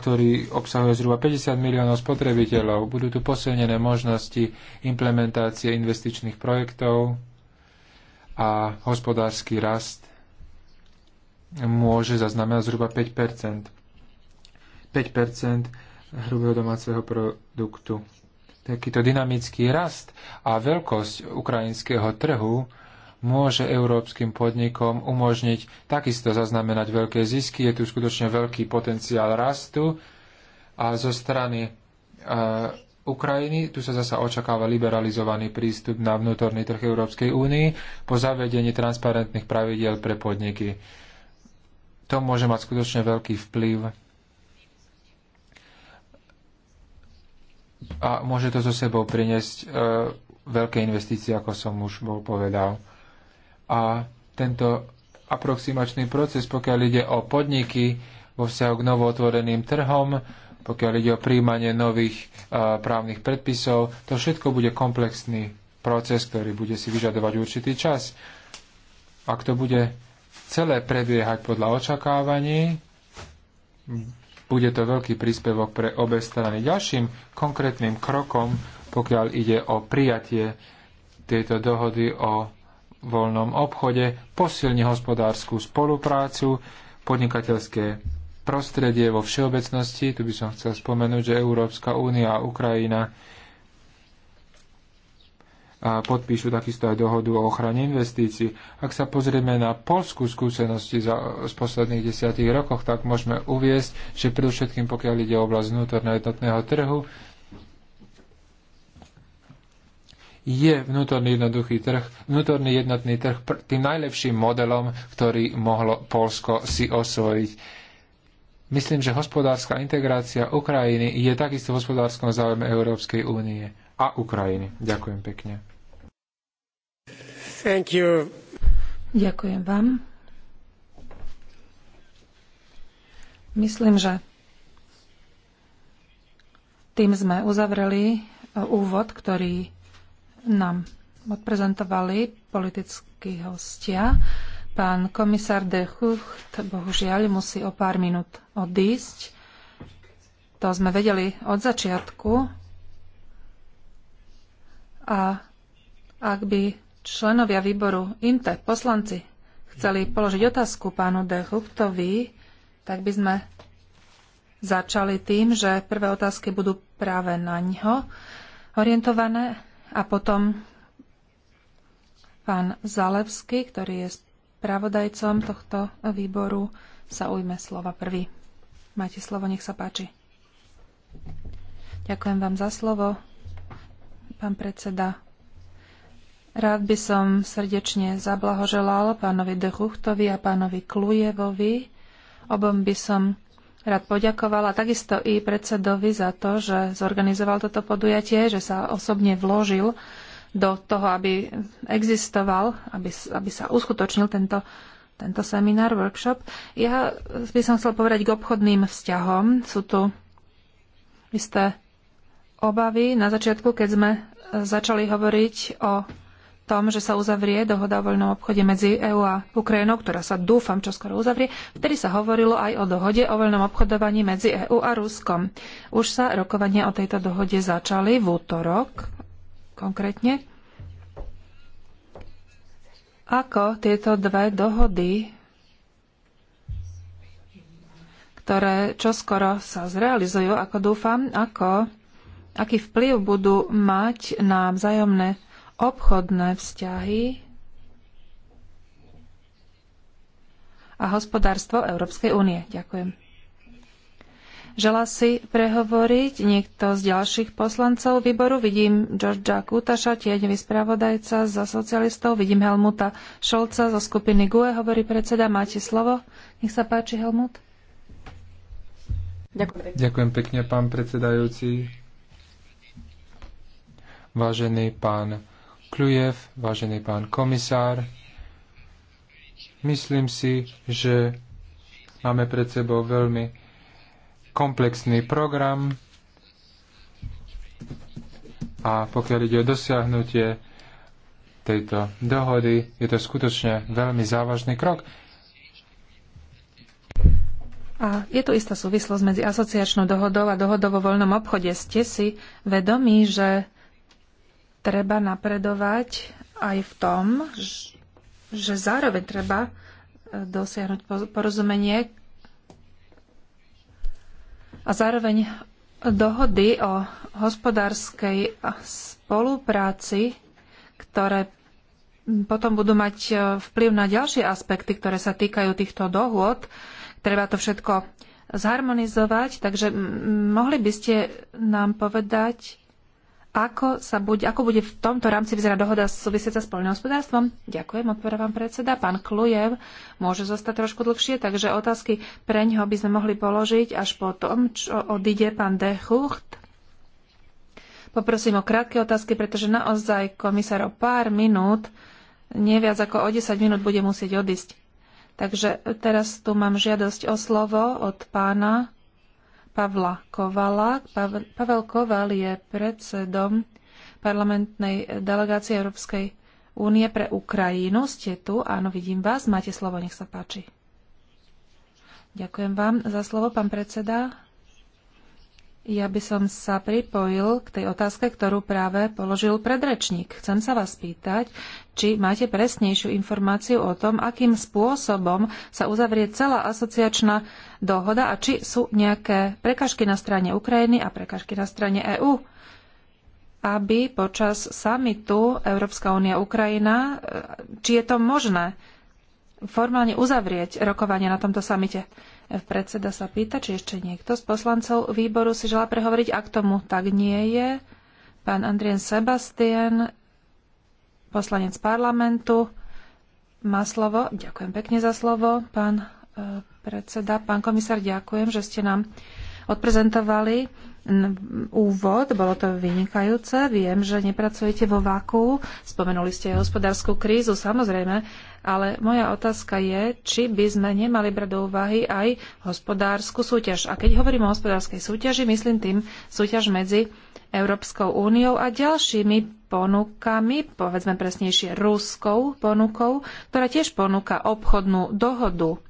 ktorý obsahuje zhruba 50 miliónov spotrebiteľov. Budú tu posilnené možnosti implementácie investičných projektov a hospodársky rast môže zaznamenať zhruba 5 5 hrubého domáceho produktu. Takýto dynamický rast a veľkosť ukrajinského trhu môže európskym podnikom umožniť takisto zaznamenať veľké zisky. Je tu skutočne veľký potenciál rastu a zo strany e, Ukrajiny. Tu sa zasa očakáva liberalizovaný prístup na vnútorný trh Európskej únii po zavedení transparentných pravidiel pre podniky. To môže mať skutočne veľký vplyv a môže to so sebou priniesť e, veľké investície, ako som už bol povedal a tento aproximačný proces, pokiaľ ide o podniky vo vzťahu k novootvoreným trhom, pokiaľ ide o príjmanie nových a, e, právnych predpisov, to všetko bude komplexný proces, ktorý bude si vyžadovať určitý čas. Ak to bude celé prebiehať podľa očakávaní, bude to veľký príspevok pre obe strany. Ďalším konkrétnym krokom, pokiaľ ide o prijatie tejto dohody o voľnom obchode, posilní hospodárskú spoluprácu, podnikateľské prostredie vo všeobecnosti. Tu by som chcel spomenúť, že Európska únia a Ukrajina a podpíšu takisto aj dohodu o ochrane investícií. Ak sa pozrieme na polskú skúsenosti za, z posledných desiatých rokoch, tak môžeme uviesť, že predovšetkým pokiaľ ide o oblasť vnútorného jednotného trhu, je vnútorný jednoduchý trh, vnútorný jednotný trh tým najlepším modelom, ktorý mohlo Polsko si osvojiť. Myslím, že hospodárska integrácia Ukrajiny je takisto v hospodárskom záujme Európskej únie a Ukrajiny. Ďakujem pekne. Thank you. Ďakujem vám. Myslím, že tým sme uzavreli e, úvod, ktorý nám odprezentovali politickí hostia. Pán komisár de Hucht, bohužiaľ musí o pár minút odísť. To sme vedeli od začiatku. A ak by členovia výboru INTE, poslanci, chceli položiť otázku pánu de Huchtovi, tak by sme začali tým, že prvé otázky budú práve na ňo orientované a potom pán Zalevský, ktorý je spravodajcom tohto výboru, sa ujme slova prvý. Máte slovo, nech sa páči. Ďakujem vám za slovo, pán predseda. Rád by som srdečne zablahoželal pánovi Dechuchtovi a pánovi Klujevovi. Obom by som rád poďakovala takisto i predsedovi za to, že zorganizoval toto podujatie, že sa osobne vložil do toho, aby existoval, aby, aby sa uskutočnil tento, tento seminár, workshop. Ja by som chcel povedať k obchodným vzťahom. Sú tu isté obavy. Na začiatku, keď sme začali hovoriť o tom, že sa uzavrie dohoda o voľnom obchode medzi EÚ a Ukrajinou, ktorá sa dúfam čoskoro uzavrie, vtedy sa hovorilo aj o dohode o voľnom obchodovaní medzi EÚ a Ruskom. Už sa rokovania o tejto dohode začali v útorok konkrétne. Ako tieto dve dohody, ktoré čoskoro sa zrealizujú, ako dúfam, ako, aký vplyv budú mať na vzájomné obchodné vzťahy a hospodárstvo Európskej únie. Ďakujem. Žela si prehovoriť niekto z ďalších poslancov výboru. Vidím Georgia Kutaša, tieňový spravodajca za socialistov. Vidím Helmuta Šolca zo skupiny GUE, hovorí predseda. Máte slovo. Nech sa páči, Helmut. Ďakujem pekne, Ďakujem pekne pán predsedajúci. Vážený pán Klujev, vážený pán komisár. Myslím si, že máme pred sebou veľmi komplexný program a pokiaľ ide o dosiahnutie tejto dohody, je to skutočne veľmi závažný krok. A je tu istá súvislosť medzi asociačnou dohodou a dohodou vo voľnom obchode. Ste si vedomí, že treba napredovať aj v tom, že zároveň treba e, dosiahnuť porozumenie a zároveň dohody o hospodárskej spolupráci, ktoré potom budú mať e, vplyv na ďalšie aspekty, ktoré sa týkajú týchto dohôd. Treba to všetko zharmonizovať, takže mohli by ste nám povedať, ako, sa bude, ako bude v tomto rámci vyzerá dohoda súvisiaca s poľnohospodárstvom? Ďakujem, odpovedá vám predseda. Pán Klujev môže zostať trošku dlhšie, takže otázky pre ňoho by sme mohli položiť až po tom, čo odíde pán De Hucht. Poprosím o krátke otázky, pretože naozaj komisár o pár minút, nie viac ako o 10 minút, bude musieť odísť. Takže teraz tu mám žiadosť o slovo od pána Pavla Kovala. Pavel Koval je predsedom parlamentnej delegácie Európskej únie pre Ukrajinu. Ste tu, áno, vidím vás. Máte slovo, nech sa páči. Ďakujem vám za slovo, pán predseda. Ja by som sa pripojil k tej otázke, ktorú práve položil predrečník. Chcem sa vás pýtať, či máte presnejšiu informáciu o tom, akým spôsobom sa uzavrie celá asociačná dohoda a či sú nejaké prekažky na strane Ukrajiny a prekažky na strane EÚ aby počas samitu Európska únia Ukrajina, e, či je to možné formálne uzavrieť rokovanie na tomto samite. Predseda sa pýta, či ešte niekto z poslancov výboru si želá prehovoriť. Ak tomu tak nie je, pán Andrien Sebastien, poslanec parlamentu, má slovo. Ďakujem pekne za slovo, pán eh, predseda. Pán komisár, ďakujem, že ste nám odprezentovali úvod, bolo to vynikajúce. Viem, že nepracujete vo vaku, spomenuli ste aj hospodárskú krízu, samozrejme, ale moja otázka je, či by sme nemali brať do úvahy aj hospodárskú súťaž. A keď hovorím o hospodárskej súťaži, myslím tým súťaž medzi Európskou úniou a ďalšími ponukami, povedzme presnejšie ruskou ponukou, ktorá tiež ponúka obchodnú dohodu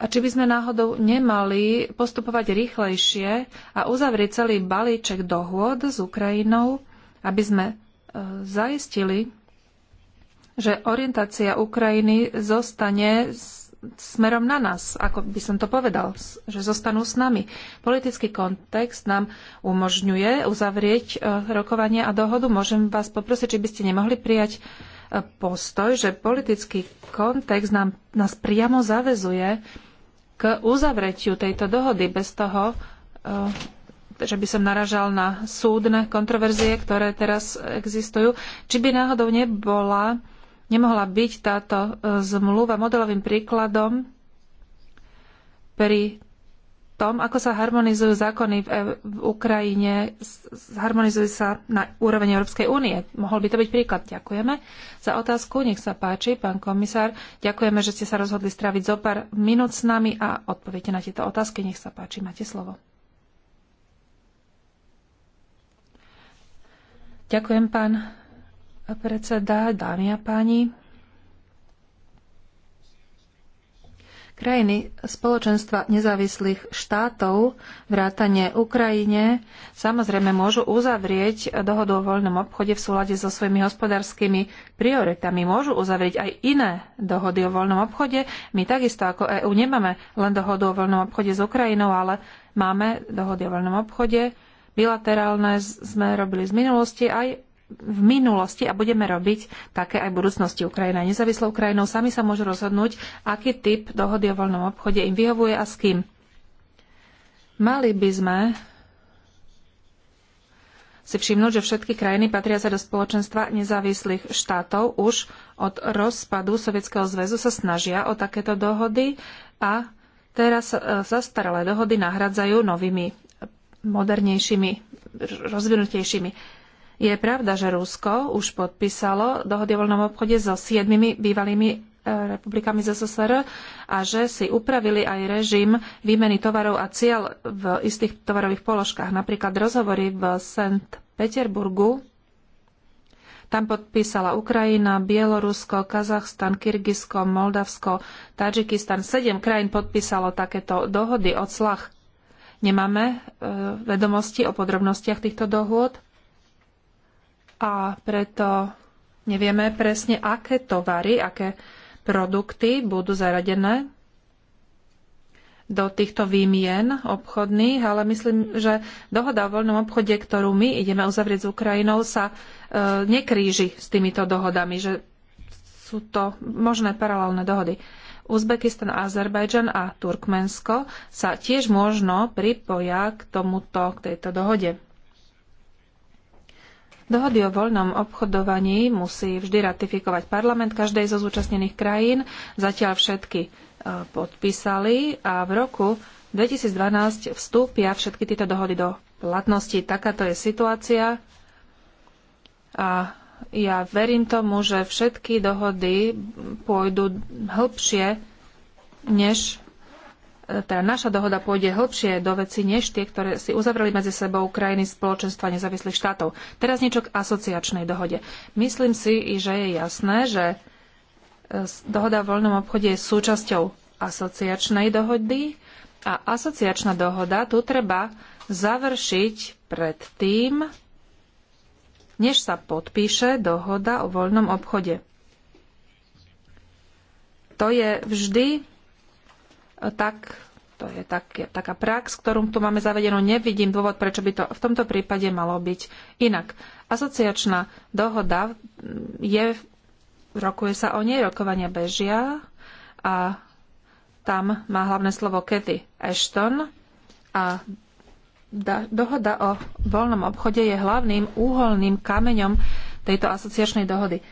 a či by sme náhodou nemali postupovať rýchlejšie a uzavrieť celý balíček dohôd s Ukrajinou, aby sme e, zaistili, že orientácia Ukrajiny zostane smerom na nás, ako by som to povedal, že zostanú s nami. Politický kontext nám umožňuje uzavrieť e, rokovanie a dohodu. Môžem vás poprosiť, či by ste nemohli prijať e, postoj, že politický kontext nám, nás priamo zavezuje k uzavretiu tejto dohody bez toho, eh, že by som naražal na súdne kontroverzie, ktoré teraz existujú, či by náhodou nebola, nemohla byť táto eh, zmluva modelovým príkladom pri tom, ako sa harmonizujú zákony v, v Ukrajine, harmonizujú sa na úroveň Európskej únie. Mohol by to byť príklad. Ďakujeme za otázku. Nech sa páči, pán komisár. Ďakujeme, že ste sa rozhodli stráviť zo pár minút s nami a odpoviete na tieto otázky. Nech sa páči, máte slovo. Ďakujem, pán predseda, dámy a páni. Krajiny spoločenstva nezávislých štátov, vrátane Ukrajine, samozrejme môžu uzavrieť dohodu o voľnom obchode v súlade so svojimi hospodárskymi prioritami. Môžu uzavrieť aj iné dohody o voľnom obchode. My takisto ako EÚ nemáme len dohodu o voľnom obchode s Ukrajinou, ale máme dohody o voľnom obchode, bilaterálne sme robili z minulosti aj v minulosti a budeme robiť také aj v budúcnosti. Ukrajina nezávislou krajinou sami sa môžu rozhodnúť, aký typ dohody o voľnom obchode im vyhovuje a s kým. Mali by sme si všimnúť, že všetky krajiny patria sa do spoločenstva nezávislých štátov už od rozpadu Sovietskeho zväzu sa snažia o takéto dohody a teraz e, zastaralé dohody nahradzajú novými, modernejšími, rozvinutejšími je pravda, že Rusko už podpísalo dohody o voľnom obchode so siedmimi bývalými e, republikami ZSSR a že si upravili aj režim výmeny tovarov a cieľ v istých tovarových položkách. Napríklad rozhovory v St. Peterburgu. Tam podpísala Ukrajina, Bielorusko, Kazachstan, Kyrgyzsko, Moldavsko, Tadžikistan. Sedem krajín podpísalo takéto dohody o clach. Nemáme e, vedomosti o podrobnostiach týchto dohôd a preto nevieme presne, aké tovary, aké produkty budú zaradené do týchto výmien obchodných, ale myslím, že dohoda o voľnom obchode, ktorú my ideme uzavrieť s Ukrajinou, sa e, nekríži s týmito dohodami, že sú to možné paralelné dohody. Uzbekistan, Azerbajdžan a Turkmensko sa tiež možno pripoja k tomuto, k tejto dohode. Dohody o voľnom obchodovaní musí vždy ratifikovať parlament každej zo zúčastnených krajín. Zatiaľ všetky e, podpísali a v roku 2012 vstúpia všetky tieto dohody do platnosti. Takáto je situácia a ja verím tomu, že všetky dohody pôjdu hĺbšie, než teda naša dohoda pôjde hlbšie do veci než tie, ktoré si uzavreli medzi sebou krajiny spoločenstva nezávislých štátov. Teraz niečo k asociačnej dohode. Myslím si, že je jasné, že e, dohoda o voľnom obchode je súčasťou asociačnej dohody a asociačná dohoda tu treba završiť pred tým, než sa podpíše dohoda o voľnom obchode. To je vždy tak to je tak, taká prax, ktorú tu máme zavedenú. Nevidím dôvod, prečo by to v tomto prípade malo byť inak. Asociačná dohoda je, rokuje sa o nej, rokovania bežia a tam má hlavné slovo Kathy Ashton a da, dohoda o voľnom obchode je hlavným úholným kameňom tejto asociačnej dohody.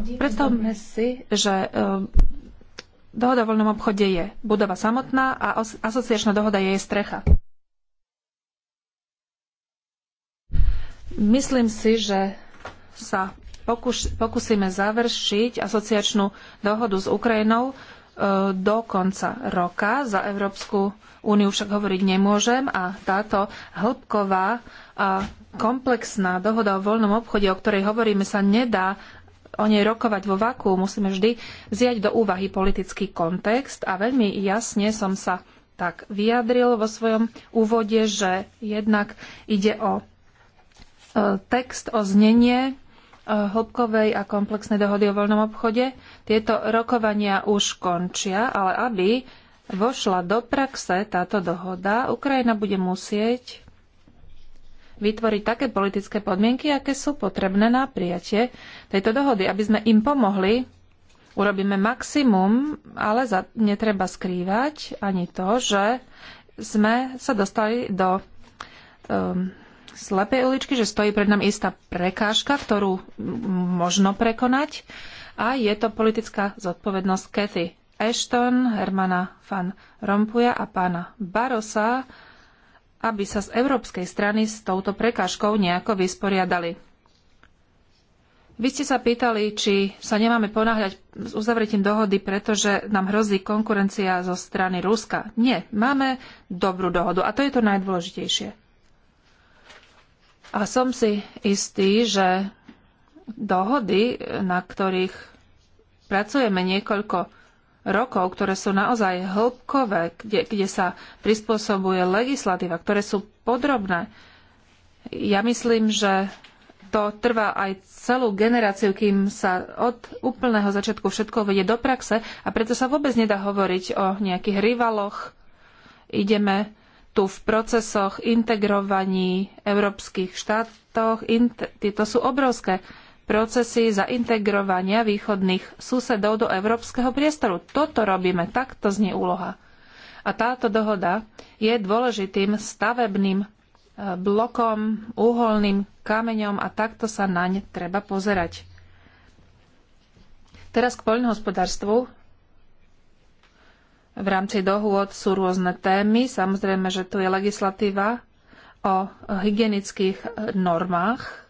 predstavme si, že eh, dohoda o voľnom obchode je budova samotná a asociačná dohoda je jej strecha. Myslím si, že sa pokuš, pokúsime završiť asociačnú dohodu s Ukrajinou eh, do konca roka. Za Európsku úniu však hovoriť nemôžem a táto hĺbková a komplexná dohoda o voľnom obchode, o ktorej hovoríme, sa nedá o nej rokovať vo vaku, musíme vždy vziať do úvahy politický kontext a veľmi jasne som sa tak vyjadril vo svojom úvode, že jednak ide o e, text o znenie e, hĺbkovej a komplexnej dohody o voľnom obchode. Tieto rokovania už končia, ale aby vošla do praxe táto dohoda, Ukrajina bude musieť vytvoriť také politické podmienky, aké sú potrebné na prijatie tejto dohody, aby sme im pomohli. Urobíme maximum, ale za, netreba skrývať ani to, že sme sa dostali do um, slepej uličky, že stojí pred nami istá prekážka, ktorú možno prekonať a je to politická zodpovednosť Kathy Ashton, Hermana van Rompuya a pána Barosa, aby sa z európskej strany s touto prekážkou nejako vysporiadali. Vy ste sa pýtali, či sa nemáme ponáhľať s uzavretím dohody, pretože nám hrozí konkurencia zo strany Ruska. Nie, máme dobrú dohodu a to je to najdôležitejšie. A som si istý, že dohody, na ktorých pracujeme niekoľko rokov, ktoré sú naozaj hĺbkové, kde, kde sa prispôsobuje legislatíva, ktoré sú podrobné. Ja myslím, že to trvá aj celú generáciu, kým sa od úplného začiatku všetko vedie do praxe a preto sa vôbec nedá hovoriť o nejakých rivaloch. Ideme tu v procesoch integrovaní európskych štátoch. Int- tieto sú obrovské procesy zaintegrovania východných susedov do európskeho priestoru. Toto robíme, takto znie úloha. A táto dohoda je dôležitým stavebným e, blokom, uholným kameňom a takto sa naň treba pozerať. Teraz k poľnohospodárstvu. V rámci dohôd sú rôzne témy. Samozrejme, že tu je legislatíva o hygienických normách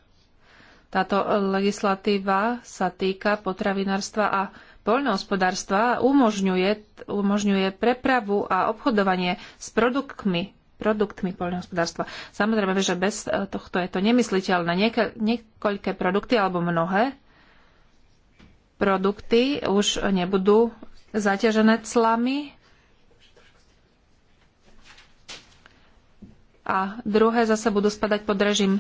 táto e, legislatíva sa týka potravinárstva a poľnohospodárstva a umožňuje, umožňuje prepravu a obchodovanie s produktmi produktmi poľnohospodárstva. Samozrejme, že bez e, tohto je to nemysliteľné. niekoľké produkty alebo mnohé produkty už nebudú zaťažené clami. A druhé zase budú spadať pod režim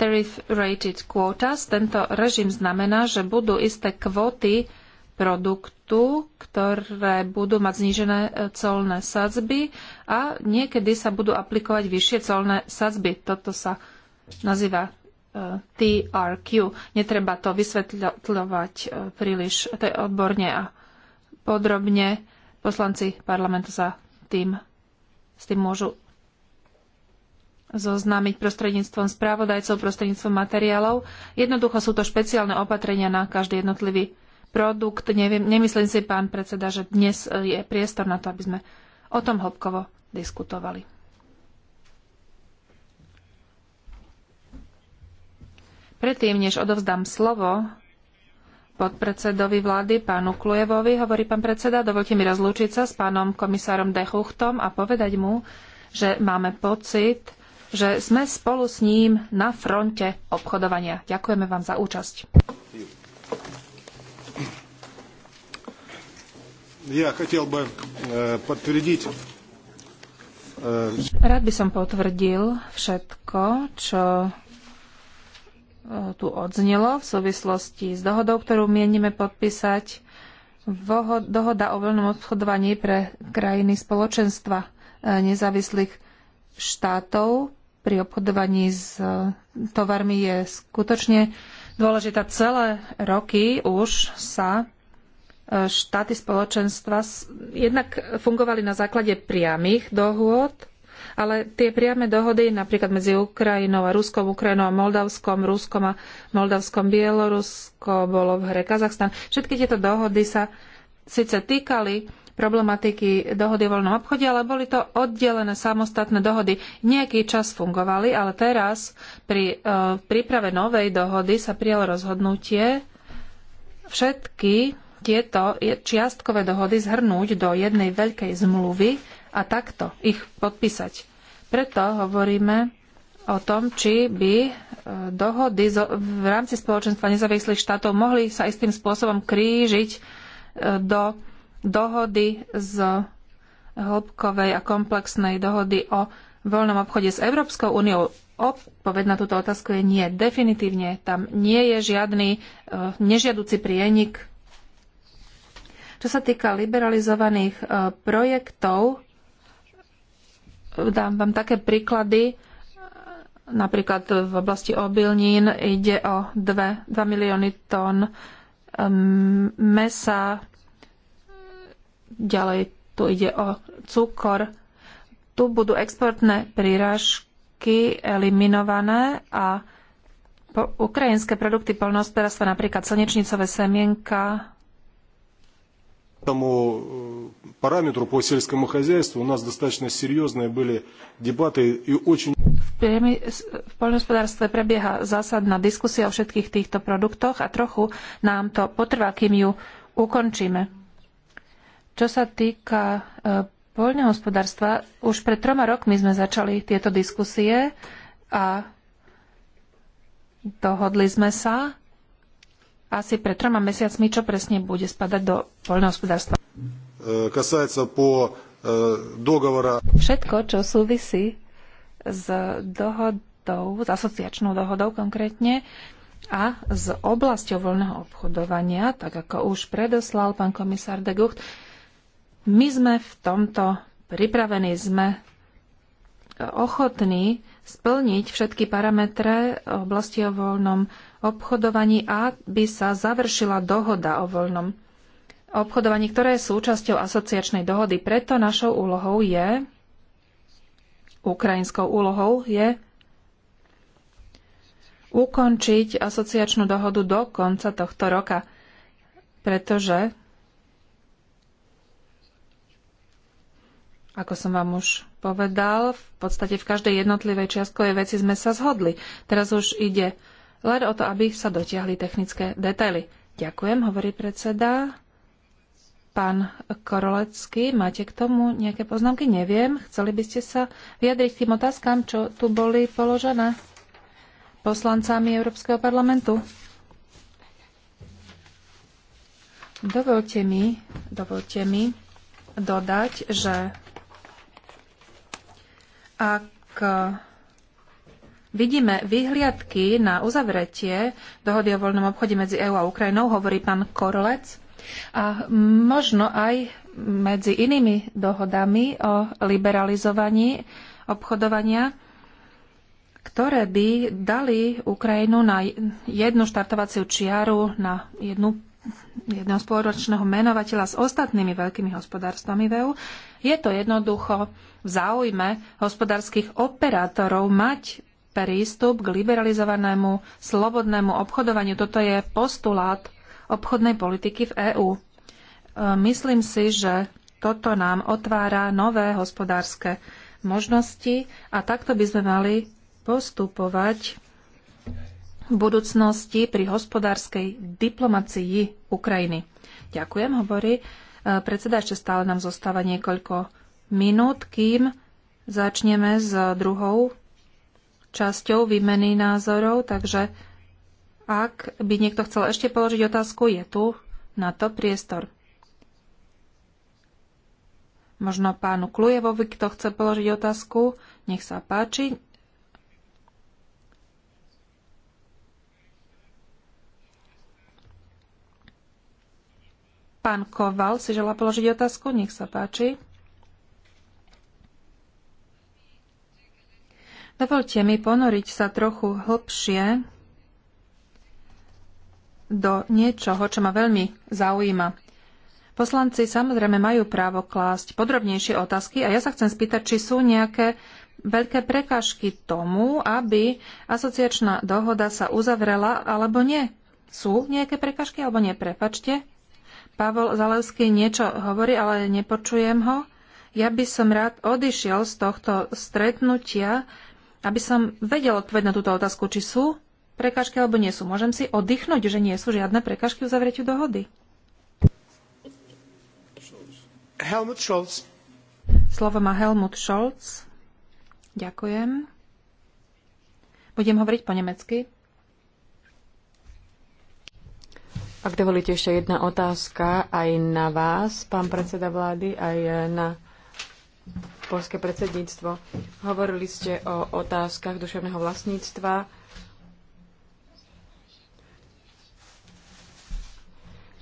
tariff rated quotas. Tento režim znamená, že budú isté kvóty produktu, ktoré budú mať znížené e, colné sadzby a niekedy sa budú aplikovať vyššie colné sadzby. Toto sa nazýva e, TRQ. Netreba to vysvetľovať e, príliš to je odborne a podrobne. Poslanci parlamentu sa tým, s tým môžu zoznámiť prostredníctvom správodajcov, prostredníctvom materiálov. Jednoducho sú to špeciálne opatrenia na každý jednotlivý produkt. Neviem, nemyslím si, pán predseda, že dnes eh, je priestor na to, aby sme o tom hlbkovo diskutovali. Predtým, než odovzdám slovo podpredsedovi vlády, pánu Klujevovi, hovorí pán predseda, dovolte mi rozlúčiť sa s pánom komisárom Dechuchtom a povedať mu, že máme pocit, že sme spolu s ním na fronte obchodovania. Ďakujeme vám za účasť. Ja chcel by eh, potvrdiť... Eh, Rád by som potvrdil všetko, čo eh, tu odznelo v súvislosti s dohodou, ktorú mienime podpísať. Dohoda o voľnom obchodovaní pre krajiny spoločenstva nezávislých štátov pri obchodovaní s e, tovarmi je skutočne dôležitá. Celé roky už sa e, štáty spoločenstva jednak fungovali na základe priamých dohôd, ale tie priame dohody napríklad medzi Ukrajinou a Ruskom, Ukrajinou a Moldavskom, Ruskom a Moldavskom Bielorusko, bolo v hre Kazachstan. Všetky tieto dohody sa síce týkali problematiky dohody o voľnom obchode, ale boli to oddelené samostatné dohody. Nejaký čas fungovali, ale teraz pri uh, príprave novej dohody sa prijalo rozhodnutie všetky tieto čiastkové dohody zhrnúť do jednej veľkej zmluvy a takto ich podpísať. Preto hovoríme o tom, či by e, dohody v rámci spoločenstva nezávislých štátov mohli sa istým spôsobom krížiť e, do dohody z hĺbkovej a komplexnej dohody o voľnom obchode s Európskou úniou. Odpoveď na túto otázku je nie. Definitívne tam nie je žiadny e, nežiaduci prienik. Čo sa týka liberalizovaných e, projektov, dám vám také príklady. Napríklad v oblasti obilnín ide o 2, 2 milióny tón e, mesa, Ďalej tu ide o cukor. Tu budú exportné príražky eliminované a ukrajinské produkty poľnohospodárstva, napríklad slnečnicové semienka, этому параметру по сельскому хозяйству у нас достаточно серьезные были дебаты и очень... V poľnohospodárstve prebieha zásadná diskusia o všetkých týchto produktoch a trochu nám to potrvá, kým ju ukončíme. Čo sa týka e, poľnohospodárstva, už pred troma rokmi sme začali tieto diskusie a dohodli sme sa asi pred troma mesiacmi, čo presne bude spadať do poľnohospodárstva. E, e, Všetko, čo súvisí s dohodou, s asociačnou dohodou konkrétne, a s oblasťou voľného obchodovania, tak ako už predoslal pán komisár de Gucht, my sme v tomto pripravení, sme e, ochotní splniť všetky parametre oblasti o voľnom obchodovaní, aby sa završila dohoda o voľnom obchodovaní, ktoré je súčasťou asociačnej dohody. Preto našou úlohou je, ukrajinskou úlohou je ukončiť asociačnú dohodu do konca tohto roka, pretože Ako som vám už povedal, v podstate v každej jednotlivej čiastkovej veci sme sa zhodli. Teraz už ide len o to, aby sa dotiahli technické detaily. Ďakujem, hovorí predseda. Pán Korolecký, máte k tomu nejaké poznámky? Neviem. Chceli by ste sa vyjadriť k tým otázkam, čo tu boli položené poslancami Európskeho parlamentu? Dovolte mi, dovolte mi dodať, že ak vidíme vyhliadky na uzavretie dohody o voľnom obchode medzi EÚ a Ukrajinou, hovorí pán Korolec a možno aj medzi inými dohodami o liberalizovaní obchodovania, ktoré by dali Ukrajinu na jednu štartovaciu čiaru, na jednu jedného spoločného menovateľa s ostatnými veľkými hospodárstvami v EU. Je to jednoducho v záujme hospodárskych operátorov mať prístup k liberalizovanému slobodnému obchodovaniu. Toto je postulát obchodnej politiky v EÚ. E, myslím si, že toto nám otvára nové hospodárske možnosti a takto by sme mali postupovať v budúcnosti pri hospodárskej diplomacii Ukrajiny. Ďakujem, hovorí. E, predseda ešte stále nám zostáva niekoľko minút, kým začneme s druhou časťou výmeny názorov, takže ak by niekto chcel ešte položiť otázku, je tu na to priestor. Možno pánu Klujevovi, kto chce položiť otázku, nech sa páči. Pán Koval si želá položiť otázku. Nech sa páči. Dovolte mi ponoriť sa trochu hlbšie do niečoho, čo ma veľmi zaujíma. Poslanci samozrejme majú právo klásť podrobnejšie otázky a ja sa chcem spýtať, či sú nejaké veľké prekážky tomu, aby asociačná dohoda sa uzavrela alebo nie. Sú nejaké prekažky alebo nie? Prepačte. Pavol Zalevský niečo hovorí, ale nepočujem ho. Ja by som rád odišiel z tohto stretnutia, aby som vedel odpovedať na túto otázku, či sú prekažky alebo nie sú. Môžem si oddychnúť, že nie sú žiadne prekažky v zavretiu dohody. Helmut Scholz. Slovo má Helmut Scholz. Ďakujem. Budem hovoriť po nemecky. Ak dovolíte ešte jedna otázka aj na vás, pán predseda vlády, aj na polské predsedníctvo. Hovorili ste o otázkach duševného vlastníctva.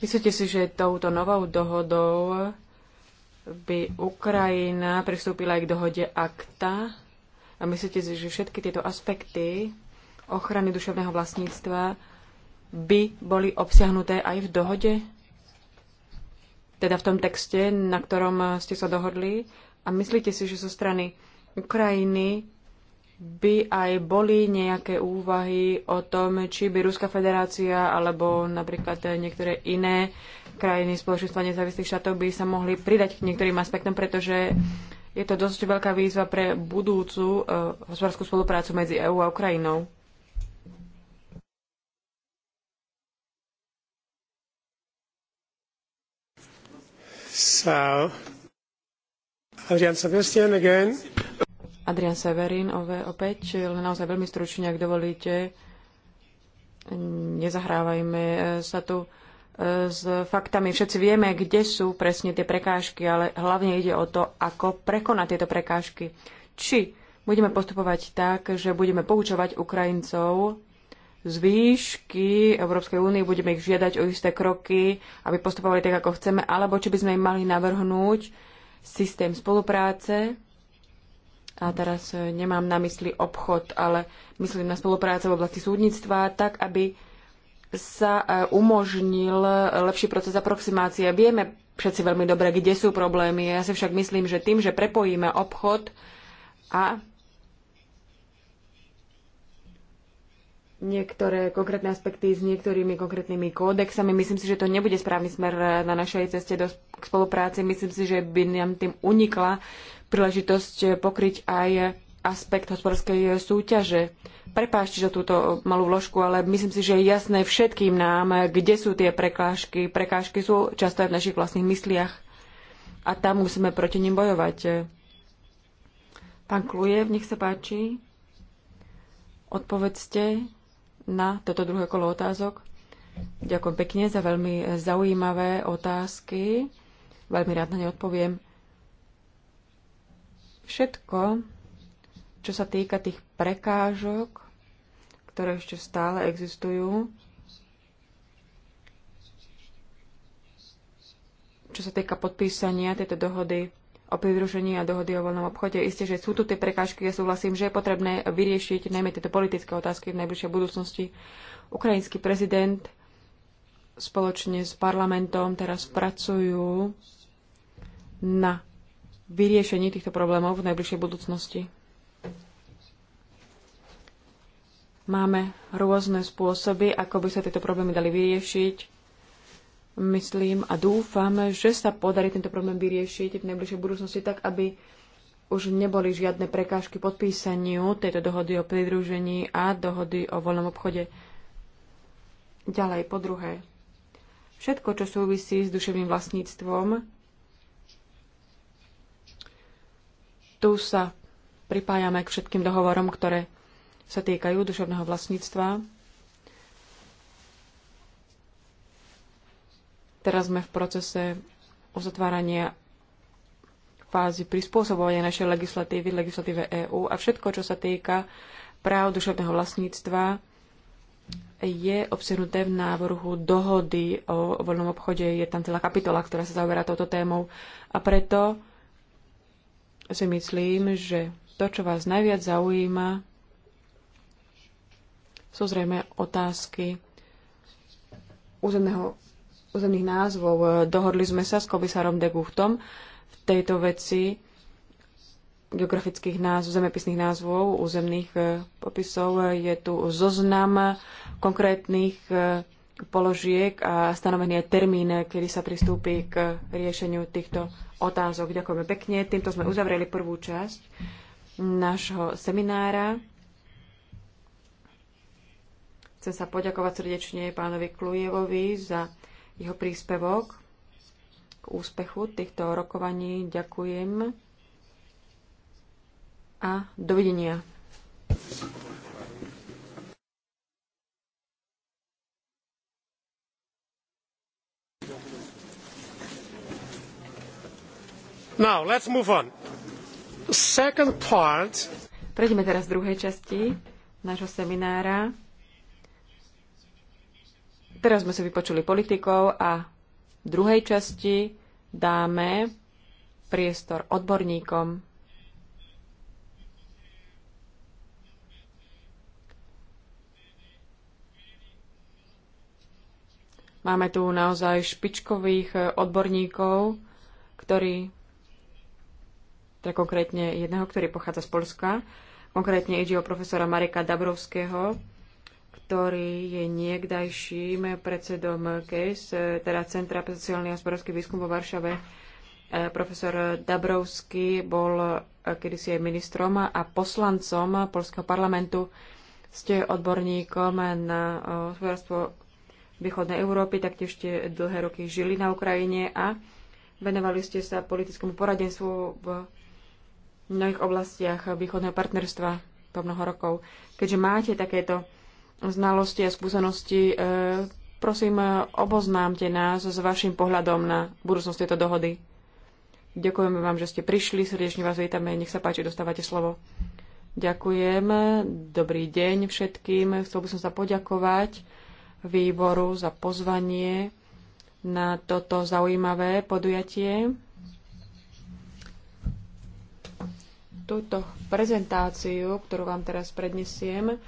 Myslíte si, že touto novou dohodou by Ukrajina pristúpila aj k dohode akta? A myslíte si, že všetky tieto aspekty ochrany duševného vlastníctva by boli obsiahnuté aj v dohode? Teda v tom texte, na ktorom eh, ste sa dohodli? A myslíte si, že zo strany Ukrajiny by aj boli nejaké úvahy o tom, či by Ruská federácia alebo napríklad eh, niektoré iné krajiny spoločenstva nezávislých štátov by sa mohli pridať k niektorým aspektom, pretože je to dosť veľká výzva pre budúcu eh, hospodárskú spoluprácu medzi EÚ a Ukrajinou. So, Adrian Severin again. Adrian Severin opäť, len naozaj veľmi stručne, ak dovolíte. Nezahrávajme e, sa tu e, s faktami. Všetci vieme, kde sú presne tie prekážky, ale hlavne ide o to, ako prekonať tieto prekážky. Či budeme postupovať tak, že budeme poučovať Ukrajincov z výšky Európskej únie budeme ich žiadať o isté kroky, aby postupovali tak, ako chceme, alebo či by sme im mali navrhnúť systém spolupráce. A teraz e, nemám na mysli obchod, ale myslím na spolupráce v oblasti súdnictva, tak aby sa e, umožnil e, lepší proces aproximácie. Vieme všetci veľmi dobre, kde sú problémy. Ja si však myslím, že tým, že prepojíme obchod a niektoré konkrétne aspekty s niektorými konkrétnymi kódexami. Myslím si, že to nebude správny smer eh, na našej ceste do, k spolupráci. Myslím si, že by nám tým unikla príležitosť eh, pokryť aj aspekt hospodárskej eh, súťaže. Prepášte za túto malú vložku, ale myslím si, že je jasné všetkým nám, kde sú tie prekážky. Prekážky sú často aj v našich vlastných mysliach a tam musíme proti nim bojovať. Pán Klujev, nech sa páči. Odpovedzte na toto druhé kolo otázok. Ďakujem pekne za veľmi zaujímavé otázky. Veľmi rád na ne odpoviem. Všetko, čo sa týka tých prekážok, ktoré ešte stále existujú, čo sa týka podpísania tejto dohody o pridružení a dohody o voľnom obchode. Isté, že sú tu tie prekážky, ja súhlasím, že je potrebné vyriešiť najmä tieto politické otázky v najbližšej budúcnosti. Ukrajinský prezident spoločne s parlamentom teraz pracujú na vyriešení týchto problémov v najbližšej budúcnosti. Máme rôzne spôsoby, ako by sa tieto problémy dali vyriešiť myslím a dúfam, že sa podarí tento problém vyriešiť v najbližšej budúcnosti tak, aby už neboli žiadne prekážky podpísaniu tejto dohody o pridružení a dohody o voľnom obchode. Ďalej, po druhé, všetko, čo súvisí s duševným vlastníctvom, tu sa pripájame k všetkým dohovorom, ktoré sa týkajú duševného vlastníctva Teraz sme v procese uzatvárania fázy prispôsobovania našej legislatívy, legislatíve EÚ a všetko, čo sa týka práv duševného vlastníctva, je obsiahnuté v návrhu dohody o voľnom obchode. Je tam celá kapitola, ktorá sa zaoberá touto témou. A preto si myslím, že to, čo vás najviac zaujíma, sú zrejme otázky územného územných názvov. E, dohodli sme sa s komisárom de Guchtom v tejto veci geografických názv, zemepisných názvov, územných e, popisov. E, je tu zoznam konkrétnych položiek a stanovený je termín, kedy sa pristúpi k riešeniu týchto otázok. Ďakujeme pekne. Týmto sme uzavreli prvú časť nášho seminára. Chcem sa poďakovať srdečne pánovi Klujevovi za jeho príspevok k úspechu týchto rokovaní. Ďakujem a dovidenia. Now, let's move on. Second part. Prejdeme teraz druhej časti nášho seminára. Teraz sme si vypočuli politikov a v druhej časti dáme priestor odborníkom. Máme tu naozaj špičkových odborníkov, ktorí, teda konkrétne jedného, ktorý pochádza z Polska, konkrétne ide o profesora Mareka Dabrovského, ktorý je niekdajším predsedom KES, teda Centra pre sociálny a hospodársky výskum vo Varšave. E, profesor Dabrovský bol e, kedysi aj ministrom a poslancom Polského parlamentu. Ste odborníkom na e, hospodárstvo východnej Európy, taktiež ste dlhé roky žili na Ukrajine a venovali ste sa politickému poradenstvu v mnohých oblastiach východného partnerstva po mnoho rokov. Keďže máte takéto znalosti a skúsenosti. E, prosím, e, oboznámte nás s vašim pohľadom na budúcnosť tejto dohody. Ďakujem vám, že ste prišli, srdečne vás vítame, nech sa páči, dostávate slovo. Ďakujem, dobrý deň všetkým. Chcel by som sa poďakovať výboru za pozvanie na toto zaujímavé podujatie. Túto prezentáciu, ktorú vám teraz prednesiem,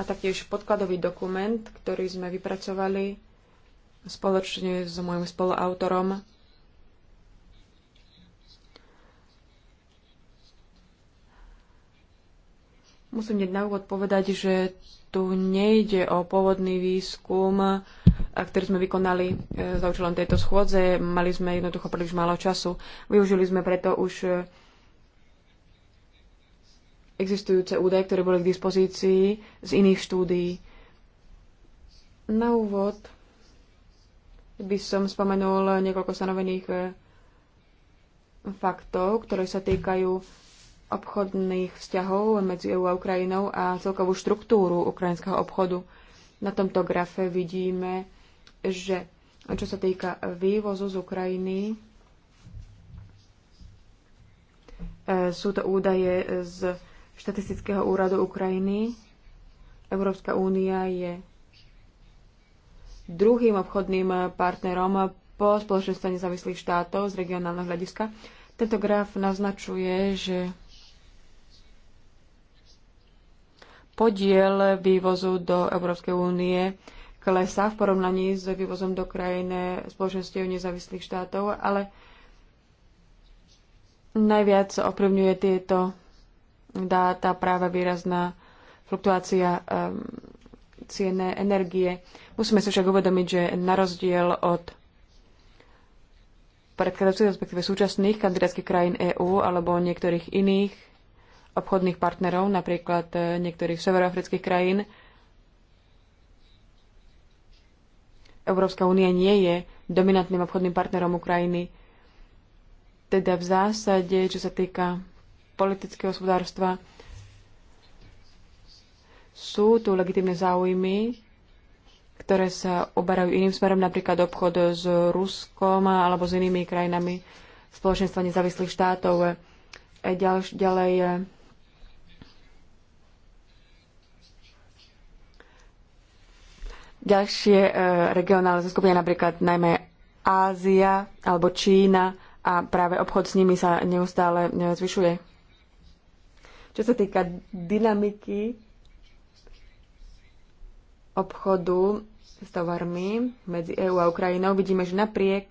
a taktiež podkladový dokument, ktorý sme vypracovali spoločne s môjim spoluautorom. Musím hneď na úvod povedať, že tu nejde o pôvodný výskum, ktorý sme vykonali e, za účelom tejto schôdze. Mali sme jednoducho príliš málo času. Využili sme preto už e, existujúce údaje, ktoré boli k dispozícii z iných štúdií. Na úvod by som spomenul niekoľko stanovených eh, faktov, ktoré sa týkajú obchodných vzťahov medzi EU a Ukrajinou a celkovú štruktúru ukrajinského obchodu. Na tomto grafe vidíme, že čo sa týka vývozu z Ukrajiny, eh, sú to údaje z štatistického úradu Ukrajiny Európska únia je druhým obchodným partnerom po spoločenstve nezávislých štátov z regionálneho hľadiska. Tento graf naznačuje, že podiel vývozu do Európskej únie klesá v porovnaní s vývozom do krajiny spoločenstiev nezávislých štátov, ale najviac ovplyvňuje tieto dá tá práva výrazná fluktuácia um, ehm, cienné energie. Musíme si však uvedomiť, že na rozdiel od predchádzajúcich, respektíve súčasných kandidátskych krajín EÚ alebo niektorých iných obchodných partnerov, napríklad e, niektorých severoafrických krajín, Európska únia nie je dominantným obchodným partnerom Ukrajiny. Teda v zásade, čo sa týka politické hospodárstva. Sú tu legitimné záujmy, ktoré sa oberajú iným smerom, napríklad obchod s Ruskom alebo s inými krajinami spoločenstva nezávislých štátov. E, Ďal, ďalej e, ďalšie e, regionálne zoskupenia, napríklad najmä Ázia alebo Čína a práve obchod s nimi sa neustále e, zvyšuje. Čo sa týka dynamiky obchodu s tovarmi medzi EÚ a Ukrajinou, vidíme, že napriek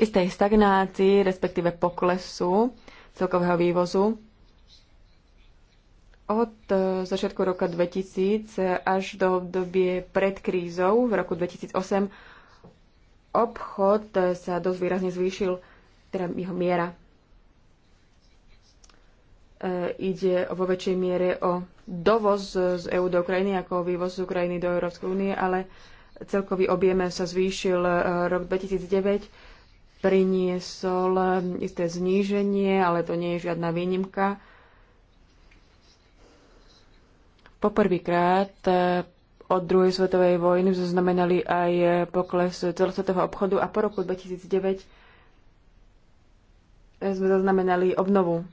istej stagnácii, respektíve poklesu celkového vývozu, od začiatku roka 2000 až do obdobie pred krízou v roku 2008 obchod sa dosť výrazne zvýšil, teda jeho miera. E, ide vo väčšej miere o dovoz z EÚ do Ukrajiny ako o vývoz z Ukrajiny do Európskej únie, ale celkový objem sa zvýšil. E, rok 2009 priniesol isté zníženie, ale to nie je žiadna výnimka. Poprvýkrát e, od druhej svetovej vojny zaznamenali aj pokles celosvetového obchodu a po roku 2009 sme zaznamenali obnovu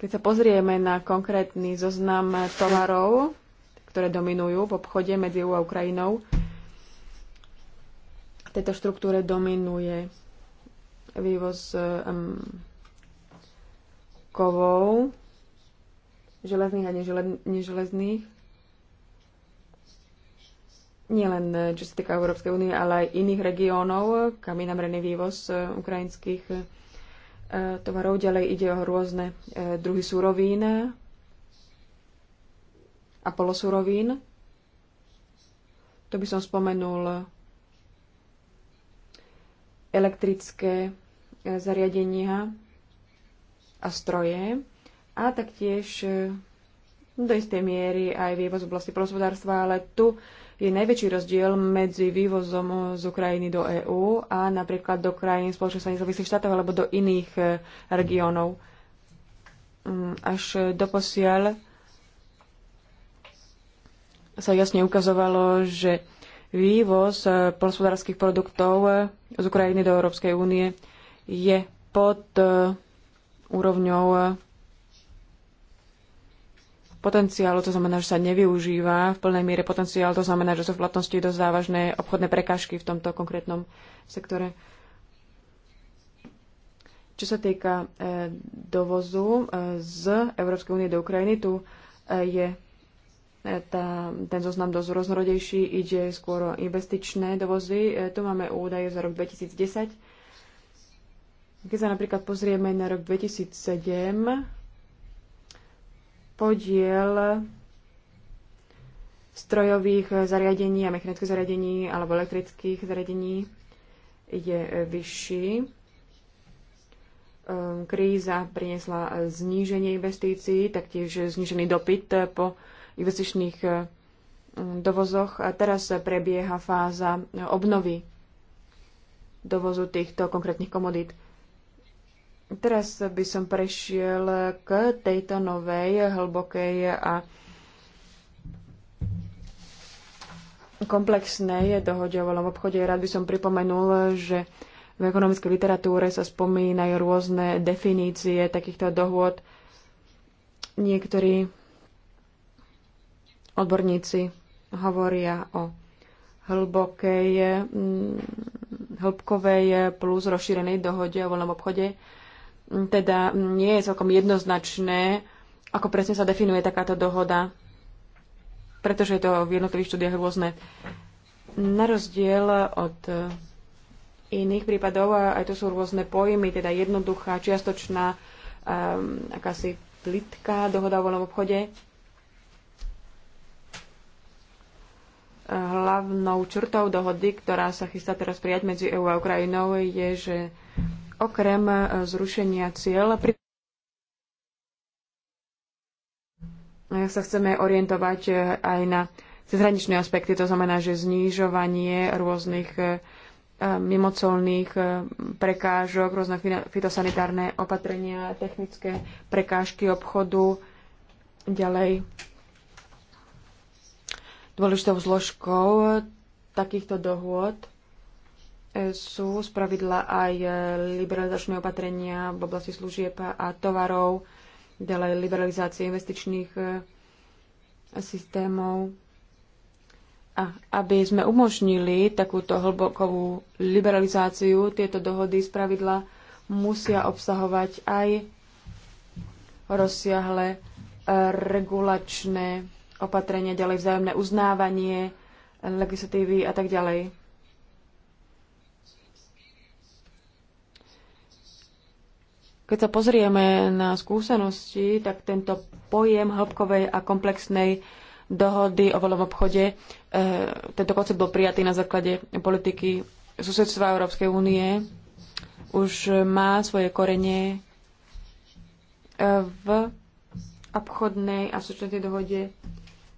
Keď sa pozrieme na konkrétny zoznam tovarov, ktoré dominujú v obchode medzi EU a Ukrajinou, v tejto štruktúre dominuje vývoz um, kovov, železných a neželezných. Nielen eh, čo sa týka Európskej únie, ale aj iných regiónov, kam je namrený vývoz eh, ukrajinských E, tovarov. Ďalej ide o rôzne e, druhy súrovín a polosúrovín. To by som spomenul elektrické e, zariadenia a stroje a taktiež do istej miery aj vývoz v oblasti polospodárstva, ale tu je najväčší rozdiel medzi vývozom eh, z Ukrajiny do EÚ a napríklad do krajín spoločnosti nezávislých štátov alebo do iných eh, regiónov. Mm, až eh, posiaľ sa jasne ukazovalo, že vývoz polospodárských produktov z Ukrajiny do Európskej únie je pod úrovňou potenciálu, to znamená, že sa nevyužíva v plnej miere potenciál, to znamená, že sú v platnosti dosť závažné obchodné prekážky v tomto konkrétnom sektore. Čo sa týka e, dovozu e, z Európskej únie do Ukrajiny, tu e, je tá, ten zoznam dosť rôznorodejší, ide skôr o investičné dovozy. Tu máme údaje za rok 2010. Keď sa napríklad pozrieme na rok 2007, podiel strojových zariadení a mechanických zariadení alebo elektrických zariadení je vyšší. Ehm, kríza priniesla zníženie investícií, taktiež znížený dopyt po investičných ehm, dovozoch. A teraz prebieha fáza obnovy dovozu týchto konkrétnych komodít. Teraz by som prešiel k tejto novej, hlbokej a komplexnej dohode o voľnom obchode. Rád by som pripomenul, že v ekonomickej literatúre sa spomínajú rôzne definície takýchto dohôd. Niektorí odborníci hovoria o hlbokej, mm, hĺbkovej plus rozšírenej dohode o voľnom obchode teda nie je celkom jednoznačné, ako presne sa definuje takáto dohoda, pretože je to v jednotlivých štúdiách rôzne. Na rozdiel od e, iných prípadov, aj to sú rôzne pojmy, teda jednoduchá, čiastočná, um, akási plitká dohoda o voľnom obchode. Hlavnou črtou dohody, ktorá sa chystá teraz prijať medzi EU a Ukrajinou, je, že okrem e, zrušenia cieľ pri... sa chceme orientovať e, aj na cezhraničné aspekty, to znamená, že znižovanie rôznych e, mimocolných prekážok, rôzne fitosanitárne opatrenia, technické prekážky obchodu, ďalej. Dôležitou zložkou takýchto dohôd sú spravidla aj liberalizačné opatrenia v oblasti služieb a tovarov, ďalej liberalizácie investičných e, systémov. A aby sme umožnili takúto hlbokovú liberalizáciu, tieto dohody spravidla musia obsahovať aj rozsiahle e, regulačné opatrenia, ďalej vzájomné uznávanie legislatívy a tak ďalej. Keď sa pozrieme na skúsenosti, tak tento pojem hĺbkovej a komplexnej dohody o voľnom obchode, eh, tento koncept bol prijatý na základe politiky susedstva Európskej únie, už má svoje korenie eh, v obchodnej a súčasnej dohode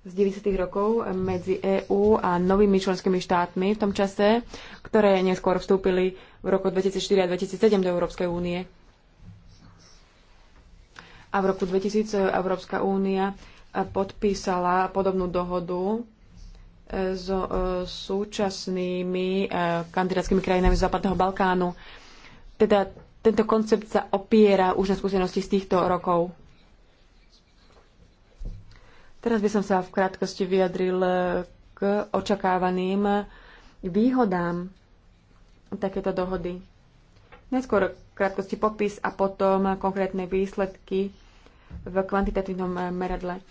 z 90. rokov medzi EÚ a novými členskými štátmi v tom čase, ktoré neskôr vstúpili v roku 2004 a 2007 do Európskej únie. A v roku 2000 Európska únia podpísala podobnú dohodu e, so e, súčasnými e, kandidátskymi krajinami Západného Balkánu. Teda tento koncept sa opiera už na skúsenosti z týchto rokov. Teraz by som sa v krátkosti vyjadril k očakávaným výhodám takéto dohody. Neskôr krátkosti popis a potom konkrétne výsledky v kvantitatívnom eh, meradle.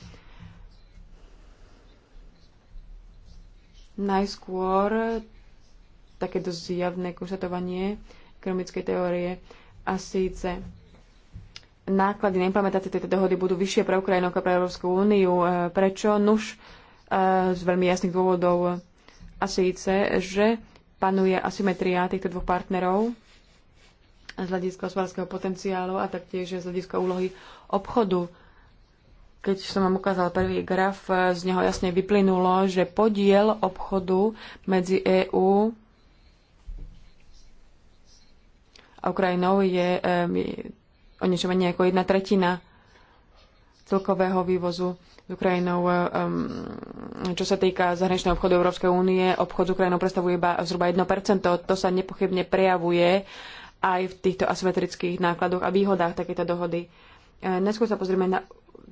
Najskôr také dosť zjavné konštatovanie ekonomickej teórie a síce náklady na implementáciu tejto dohody budú vyššie pre Ukrajinu ako pre Európsku úniu. Eh, prečo? Nuž eh, z veľmi jasných dôvodov a síce, že panuje asymetria týchto dvoch partnerov z hľadiska hospodárskeho potenciálu a taktiež z hľadiska úlohy obchodu. Keď som vám ukázal prvý graf, z neho jasne vyplynulo, že podiel obchodu medzi EÚ a Ukrajinou je um, o niečo menej ako jedna tretina celkového vývozu s Ukrajinou. Um, čo sa týka zahraničného obchodu Európskej únie, obchod s Ukrajinou predstavuje iba zhruba 1%. To sa nepochybne prejavuje uh, aj v týchto asymetrických nákladoch a výhodách takéto dohody. E, Neskôr sa pozrieme na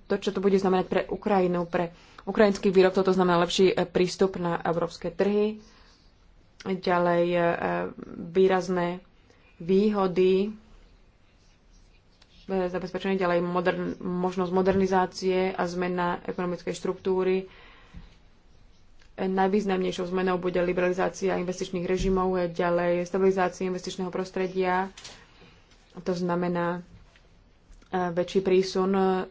to, čo to bude znamenať pre Ukrajinu, pre ukrajinských výrobcov, to znamená lepší e, prístup na európske trhy, ďalej e, výrazné výhody, zabezpečenie ďalej modern, možnosť modernizácie a zmena ekonomickej štruktúry, Najvýznamnejšou zmenou bude liberalizácia investičných režimov, eh, ďalej stabilizácia investičného prostredia, to znamená eh, väčší prísun eh,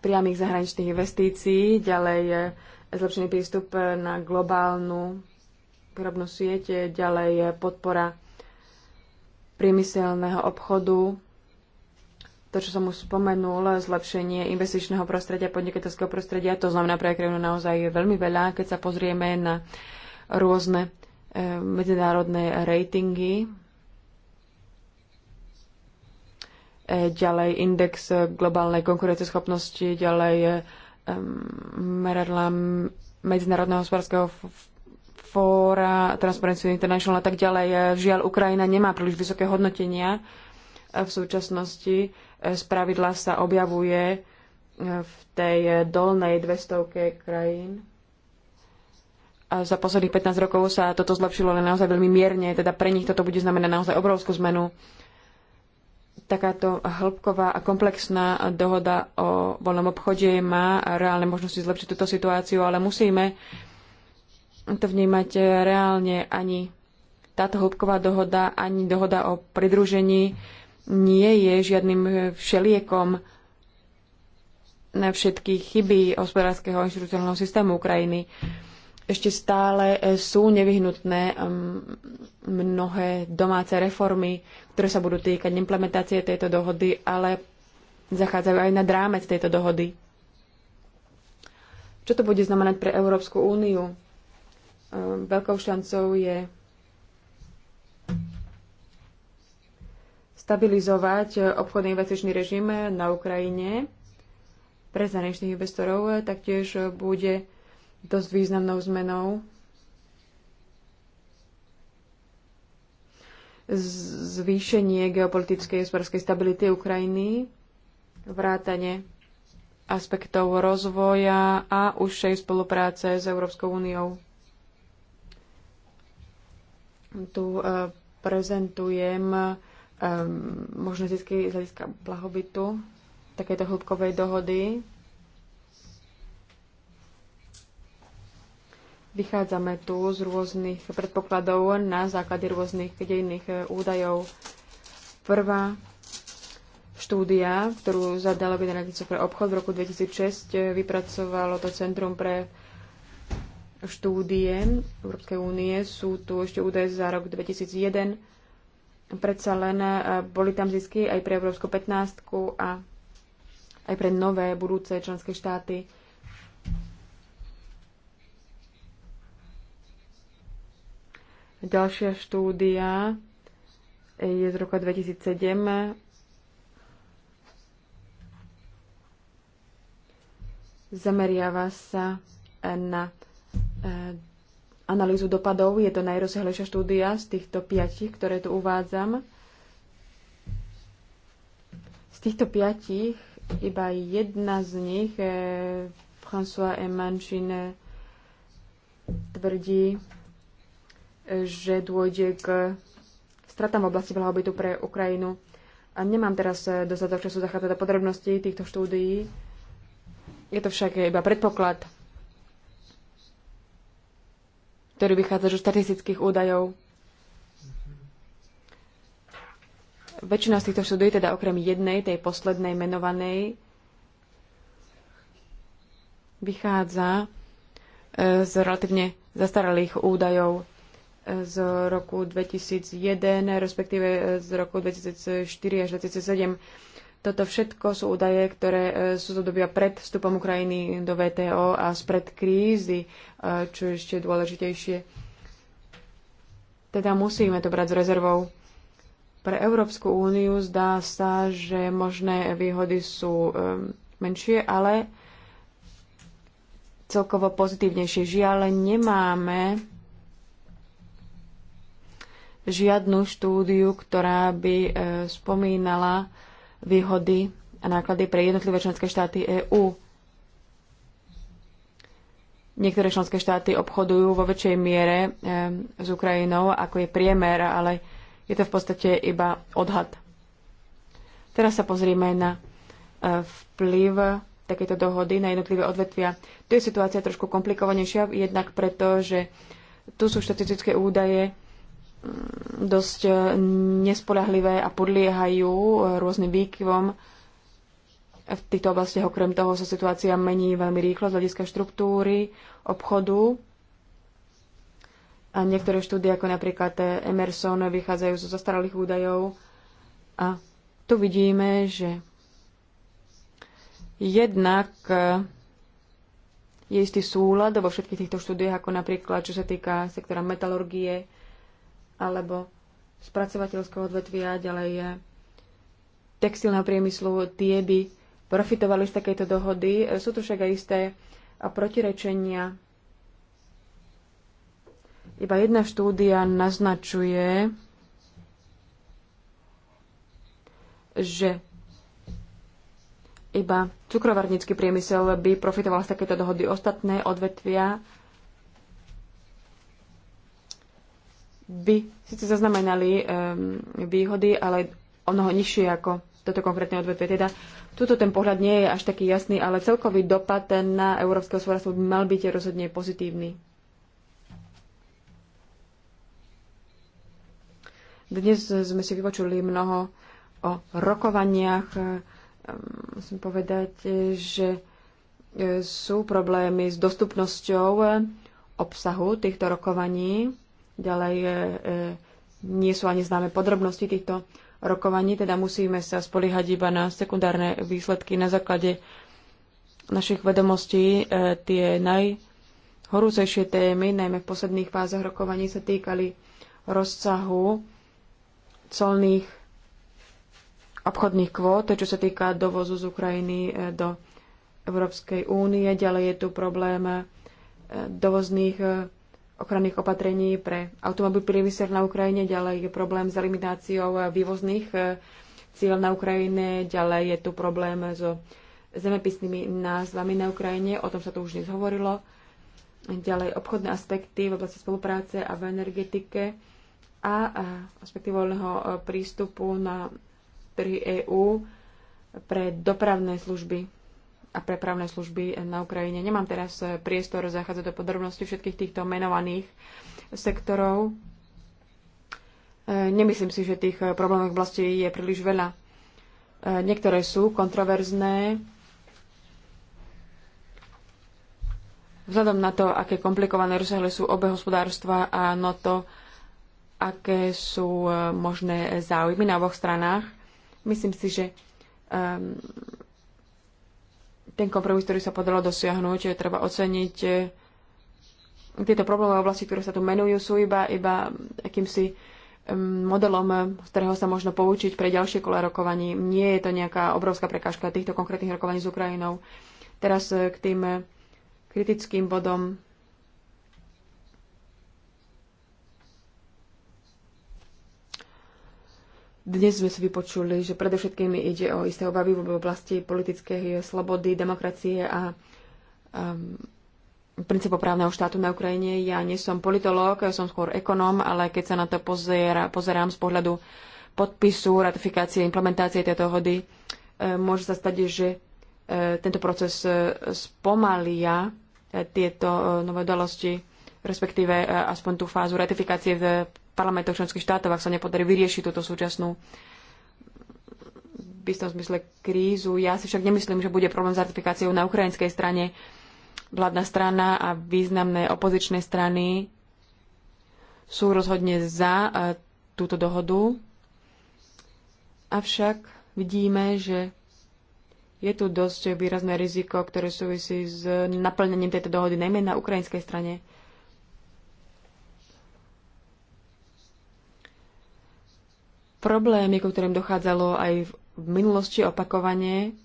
priamých zahraničných investícií, ďalej zlepšený prístup na globálnu výrobnú sieť, ďalej podpora priemyselného obchodu to, čo som už spomenul, zlepšenie investičného prostredia, podnikateľského prostredia, to znamená pre krajinu naozaj je veľmi veľa, keď sa pozrieme na rôzne e, medzinárodné ratingy. E, ďalej index globálnej konkurenceschopnosti, ďalej e, meradla Medzinárodného hospodárskeho fóra, Transparency International a tak ďalej. Žiaľ, Ukrajina nemá príliš vysoké hodnotenia v súčasnosti spravidla sa objavuje e, v tej e, dolnej 200 krajín. A za posledných 15 rokov sa toto zlepšilo len naozaj veľmi mierne, teda pre nich toto bude znamenať naozaj obrovskú zmenu. Takáto hĺbková a komplexná dohoda o voľnom obchode má reálne možnosti zlepšiť túto situáciu, ale musíme to vnímať reálne. Ani táto hĺbková dohoda, ani dohoda o pridružení nie je žiadnym e, všeliekom na všetky chyby hospodárskeho inštitucionálneho systému Ukrajiny. Ešte stále e, sú nevyhnutné mnohé domáce reformy, ktoré sa budú týkať implementácie tejto dohody, ale zachádzajú aj na drámec tejto dohody. Čo to bude znamenať pre Európsku úniu? Veľkou šancou je stabilizovať eh, obchodný investičný režim eh, na Ukrajine pre zahraničných investorov, eh, taktiež bude dosť významnou zmenou zvýšenie geopolitickej a hospodárskej stability Ukrajiny, vrátanie aspektov rozvoja a užšej spolupráce s Európskou úniou. Tu prezentujem um, možno získy z hľadiska blahobytu takéto hĺbkovej dohody. Vychádzame tu z rôznych predpokladov na základe rôznych dejných e, údajov. Prvá štúdia, ktorú zadalo Generálnictvo pre obchod v roku 2006, e, vypracovalo to Centrum pre štúdie Európskej únie. Sú tu ešte údaje za rok 2001 predsa len e, boli tam zisky aj pre Európsku 15 a aj pre nové budúce členské štáty. Ďalšia štúdia je z roku 2007. Zameriava sa na e, analýzu dopadov. Je to najrozsiahlejšia štúdia z týchto piatich, ktoré tu uvádzam. Z týchto piatich iba jedna z nich, eh, François Emančin, tvrdí, že dôjde k stratám v oblasti blahobytu pre Ukrajinu. A nemám teraz eh, dostatok času zachádzať do podrobností týchto štúdií. Je to však iba predpoklad ktorý vychádza zo štatistických údajov. Väčšina z týchto štúdí, teda okrem jednej, tej poslednej menovanej, vychádza e, z relatívne zastaralých údajov e, z roku 2001, respektíve e, z roku 2004 až 2007. Toto všetko sú údaje, ktoré e, sú zodobia pred vstupom Ukrajiny do VTO a spred krízy, e, čo je ešte dôležitejšie. Teda musíme to brať s rezervou. Pre Európsku úniu zdá sa, že možné výhody sú e, menšie, ale celkovo pozitívnejšie. Žiaľ, nemáme žiadnu štúdiu, ktorá by spomínala výhody a náklady pre jednotlivé členské štáty EÚ. Niektoré členské štáty obchodujú vo väčšej miere e, s Ukrajinou, ako je priemer, ale je to v podstate iba odhad. Teraz sa pozrieme na e, vplyv takéto dohody na jednotlivé odvetvia. Tu je situácia trošku komplikovanejšia, jednak preto, že tu sú štatistické údaje dosť eh, nespoľahlivé a podliehajú eh, rôznym výkyvom. V týchto oblastiach okrem toho sa situácia mení veľmi rýchlo z hľadiska štruktúry, obchodu. A niektoré štúdie, ako napríklad eh, Emerson, vychádzajú zo zastaralých údajov. A tu vidíme, že jednak je istý súlad vo všetkých týchto štúdiách, ako napríklad čo sa týka sektora metalurgie, alebo spracovateľského odvetvia, ďalej je textilného priemyslu, tie by profitovali z takejto dohody. Sú tu však aj isté protirečenia. Iba jedna štúdia naznačuje, že iba cukrovarnícky priemysel by profitoval z takéto dohody. Ostatné odvetvia by síce zaznamenali ehm, výhody, ale o mnoho nižšie ako toto konkrétne odvetvie. Teda tuto ten pohľad nie je až taký jasný, ale celkový dopad na európske hospodárstvo by mal byť rozhodne pozitívny. Dnes sme si vypočuli mnoho o rokovaniach. Ehm, musím povedať, že e, sú problémy s dostupnosťou e, obsahu týchto rokovaní. Ďalej e, e, nie sú ani známe podrobnosti týchto rokovaní, teda musíme sa spoliehať iba na sekundárne výsledky na základe našich vedomostí. E, tie najhorúcejšie témy, najmä v posledných fázach rokovaní, sa týkali rozsahu colných obchodných kvót, čo sa týka dovozu z Ukrajiny do Európskej únie. Ďalej je tu problém dovozných ochranných opatrení pre automobil priemysel na Ukrajine, ďalej je problém s elimináciou vývozných e, cieľ na Ukrajine, ďalej je tu problém so zemepisnými názvami na Ukrajine, o tom sa tu už dnes hovorilo, ďalej obchodné aspekty v oblasti spolupráce a v energetike a aspekty voľného e, prístupu na trhy EÚ pre dopravné služby a prepravné služby na Ukrajine. Nemám teraz eh, priestor zachádzať do podrobností všetkých týchto menovaných sektorov. Eh, nemyslím si, že tých eh, problémov v oblasti je príliš veľa. Niektoré sú kontroverzné, vzhľadom na to, aké komplikované rozsahle sú obe hospodárstva a na to, aké sú možné záujmy na oboch stranách. Myslím si, že um, ten kompromis, ktorý sa podalo dosiahnuť, treba oceniť. Eh, tieto problémové oblasti, ktoré sa tu menujú, sú iba, iba akýmsi modelom, z ktorého sa možno poučiť pre ďalšie kola rokovaní. Nie je to nejaká obrovská prekážka týchto konkrétnych rokovaní s Ukrajinou. Teraz eh, k tým eh, kritickým bodom Dnes sme si vypočuli, že predovšetkým ide o isté obavy v oblasti politickej slobody, demokracie a um, princípov právneho štátu na Ukrajine. Ja nie som politológ, som skôr ekonóm, ale keď sa na to pozera, pozerám z pohľadu podpisu, ratifikácie, implementácie tejto hody, e, môže sa stať, že e, tento proces e, spomalia tieto nové udalosti respektíve e, aspoň tú fázu ratifikácie v parlamentoch členských štátov, ak sa nepodarí vyriešiť túto súčasnú v istom zmysle krízu. Ja si však nemyslím, že bude problém s ratifikáciou na ukrajinskej strane. Vládna strana a významné opozičné strany sú rozhodne za e, túto dohodu. Avšak vidíme, že je tu dosť výrazné riziko, ktoré súvisí s naplnením tejto dohody, najmä na ukrajinskej strane. problémy, ku ktorým dochádzalo aj v minulosti opakovane,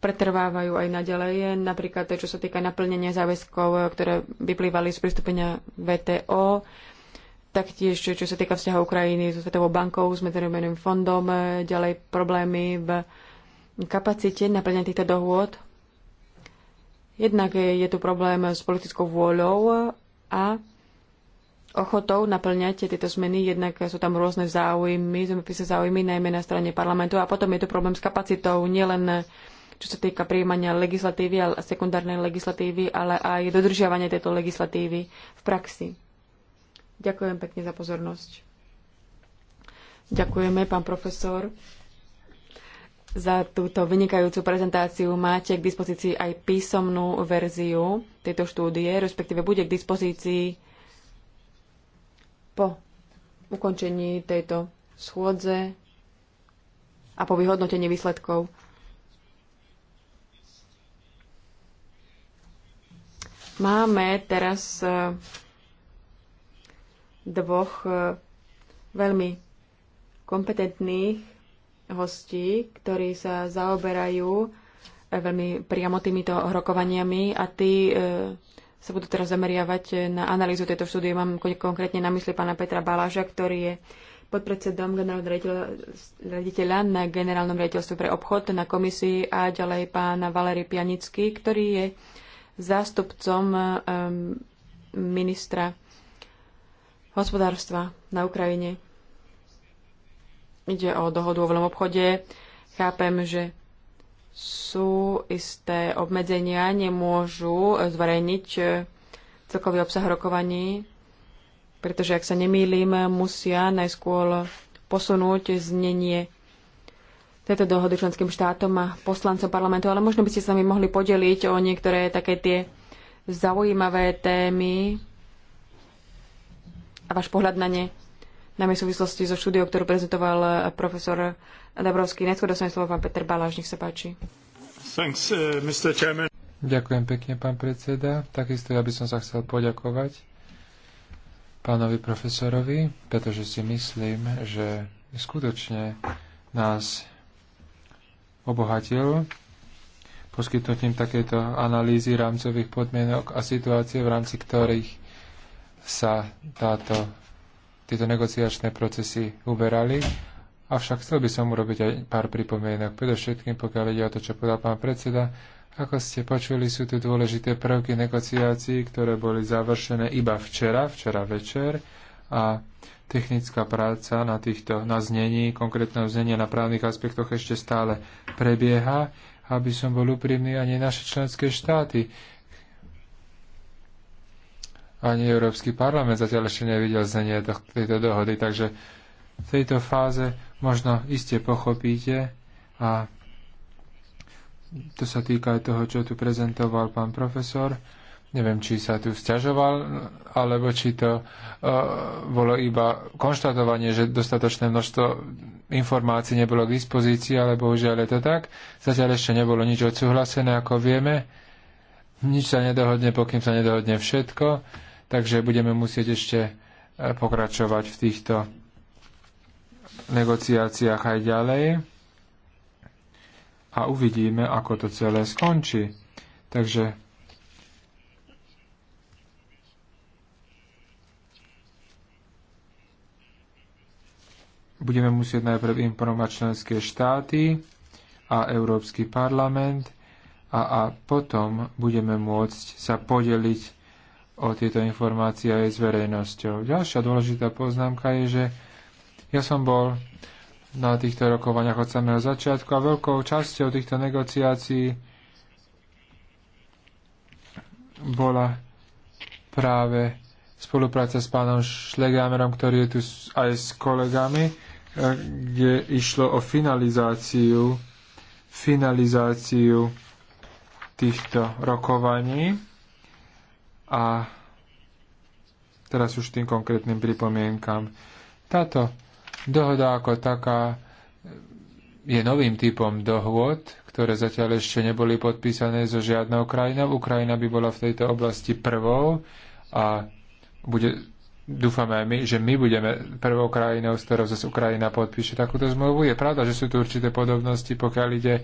pretrvávajú aj naďalej, napríklad to, čo sa týka naplnenia záväzkov, ktoré vyplývali z pristúpenia VTO, taktiež čo sa týka vzťahov Ukrajiny so Svetovou bankou, s Medzinárodným fondom, ďalej problémy v kapacite naplnenia týchto dohôd. Jednak je tu problém s politickou vôľou a ochotou naplňať tieto zmeny, jednak sú tam rôzne záujmy, zemepisné záujmy, najmä na strane parlamentu a potom je to problém s kapacitou, nielen čo sa týka príjmania legislatívy a sekundárnej legislatívy, ale aj dodržiavania tejto legislatívy v praxi. Ďakujem pekne za pozornosť. Ďakujeme, pán profesor, za túto vynikajúcu prezentáciu. Máte k dispozícii aj písomnú verziu tejto štúdie, respektíve bude k dispozícii po ukončení tejto schôdze a po vyhodnotení výsledkov máme teraz e, dvoch e, veľmi kompetentných hostí, ktorí sa zaoberajú e, veľmi priamo týmito rokovaniami a tí sa budú teraz zameriavať na analýzu tejto štúdie. Mám konkrétne na mysli pána Petra Baláža, ktorý je podpredsedom generálneho riaditeľa na generálnom riaditeľstve pre obchod na komisii a ďalej pána Valery Pianický, ktorý je zástupcom um, ministra hospodárstva na Ukrajine. Ide o dohodu o voľnom obchode. Chápem, že sú isté obmedzenia, nemôžu zverejniť e, celkový obsah rokovaní, pretože ak sa nemýlim, musia najskôr posunúť znenie tejto dohody členským štátom a poslancom parlamentu, ale možno by ste sa mi mohli podeliť o niektoré také tie zaujímavé témy a váš pohľad na ne najmä v súvislosti so štúdiou, ktorú prezentoval eh, profesor Dabrovský. Najskôr dostane slovo pán Peter Baláš, nech sa páči. Thanks, uh, eh, Mr. Chairman. Ďakujem pekne, pán predseda. Takisto ja by som sa chcel poďakovať pánovi profesorovi, pretože si myslím, že skutočne nás obohatil poskytnutím takéto analýzy rámcových podmienok a situácie, v rámci ktorých sa táto tieto negociačné procesy uberali. Avšak chcel by som urobiť aj pár pripomienok. Predovšetkým, pokiaľ ide o to, čo povedal pán predseda, ako ste počuli, sú tu dôležité prvky negociácií, ktoré boli završené iba včera, včera večer a technická práca na týchto, na znení, konkrétne znenie na právnych aspektoch ešte stále prebieha. Aby som bol úprimný, ani naše členské štáty ani Európsky parlament zatiaľ ešte nevidel znenie tejto dohody, takže v tejto fáze možno iste pochopíte a to sa týka aj toho, čo tu prezentoval pán profesor. Neviem, či sa tu sťažoval, alebo či to uh, bolo iba konštatovanie, že dostatočné množstvo informácií nebolo k dispozícii, ale bohužiaľ je to tak. Zatiaľ ešte nebolo nič odsúhlasené, ako vieme. Nič sa nedohodne, pokým sa nedohodne všetko takže budeme musieť ešte e, pokračovať v týchto negociáciách aj ďalej a uvidíme, ako to celé skončí. Takže budeme musieť najprv informovať členské štáty a Európsky parlament a, a potom budeme môcť sa podeliť o tieto informácie aj s verejnosťou. Ďalšia dôležitá poznámka je, že ja som bol na týchto rokovaniach od samého začiatku a veľkou časťou týchto negociácií bola práve spolupráca s pánom Šlegámerom, ktorý je tu aj s kolegami, e, kde išlo o finalizáciu finalizáciu týchto rokovaní a teraz už tým konkrétnym pripomienkam. Táto dohoda ako taká je novým typom dohôd, ktoré zatiaľ ešte neboli podpísané so žiadnou krajinou. Ukrajina by bola v tejto oblasti prvou a bude, dúfame aj my, že my budeme prvou krajinou, s ktorou zase Ukrajina podpíše takúto zmluvu. Je pravda, že sú tu určité podobnosti, pokiaľ ide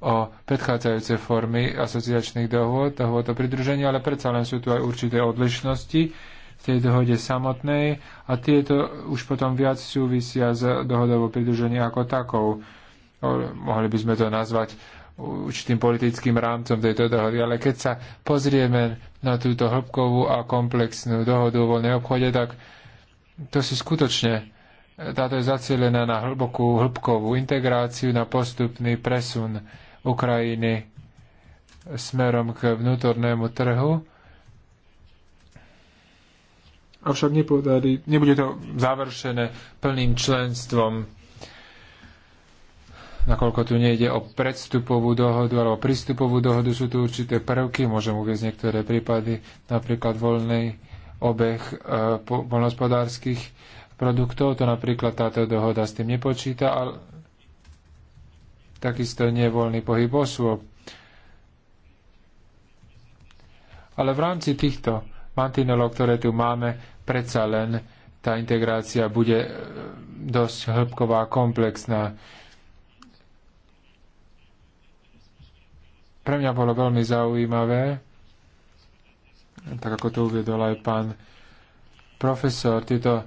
o predchádzajúce formy asociačných dohôd, dohôd o pridružení, ale predsa len sú tu aj určité odlišnosti v tej dohode samotnej a tieto už potom viac súvisia s dohodou o pridružení ako takou. Mohli by sme to nazvať určitým politickým rámcom tejto dohody, ale keď sa pozrieme na túto hĺbkovú a komplexnú dohodu o voľnej obchode, tak to si skutočne táto je zacielená na hlbokú, hĺbkovú integráciu, na postupný presun Ukrajiny smerom k vnútornému trhu. Avšak nepodarí, nebude to završené plným členstvom, nakoľko tu nejde o predstupovú dohodu alebo prístupovú dohodu, sú tu určité prvky, môžem uvieť niektoré prípady, napríklad voľnej obeh e, poľnohospodárskych produktov, to napríklad táto dohoda s tým nepočíta, ale takisto nie je voľný pohyb osôb. Ale v rámci týchto mantinelov, ktoré tu máme, predsa len tá integrácia bude e, dosť hĺbková a komplexná. Pre mňa bolo veľmi zaujímavé, tak ako to uviedol aj pán profesor, tieto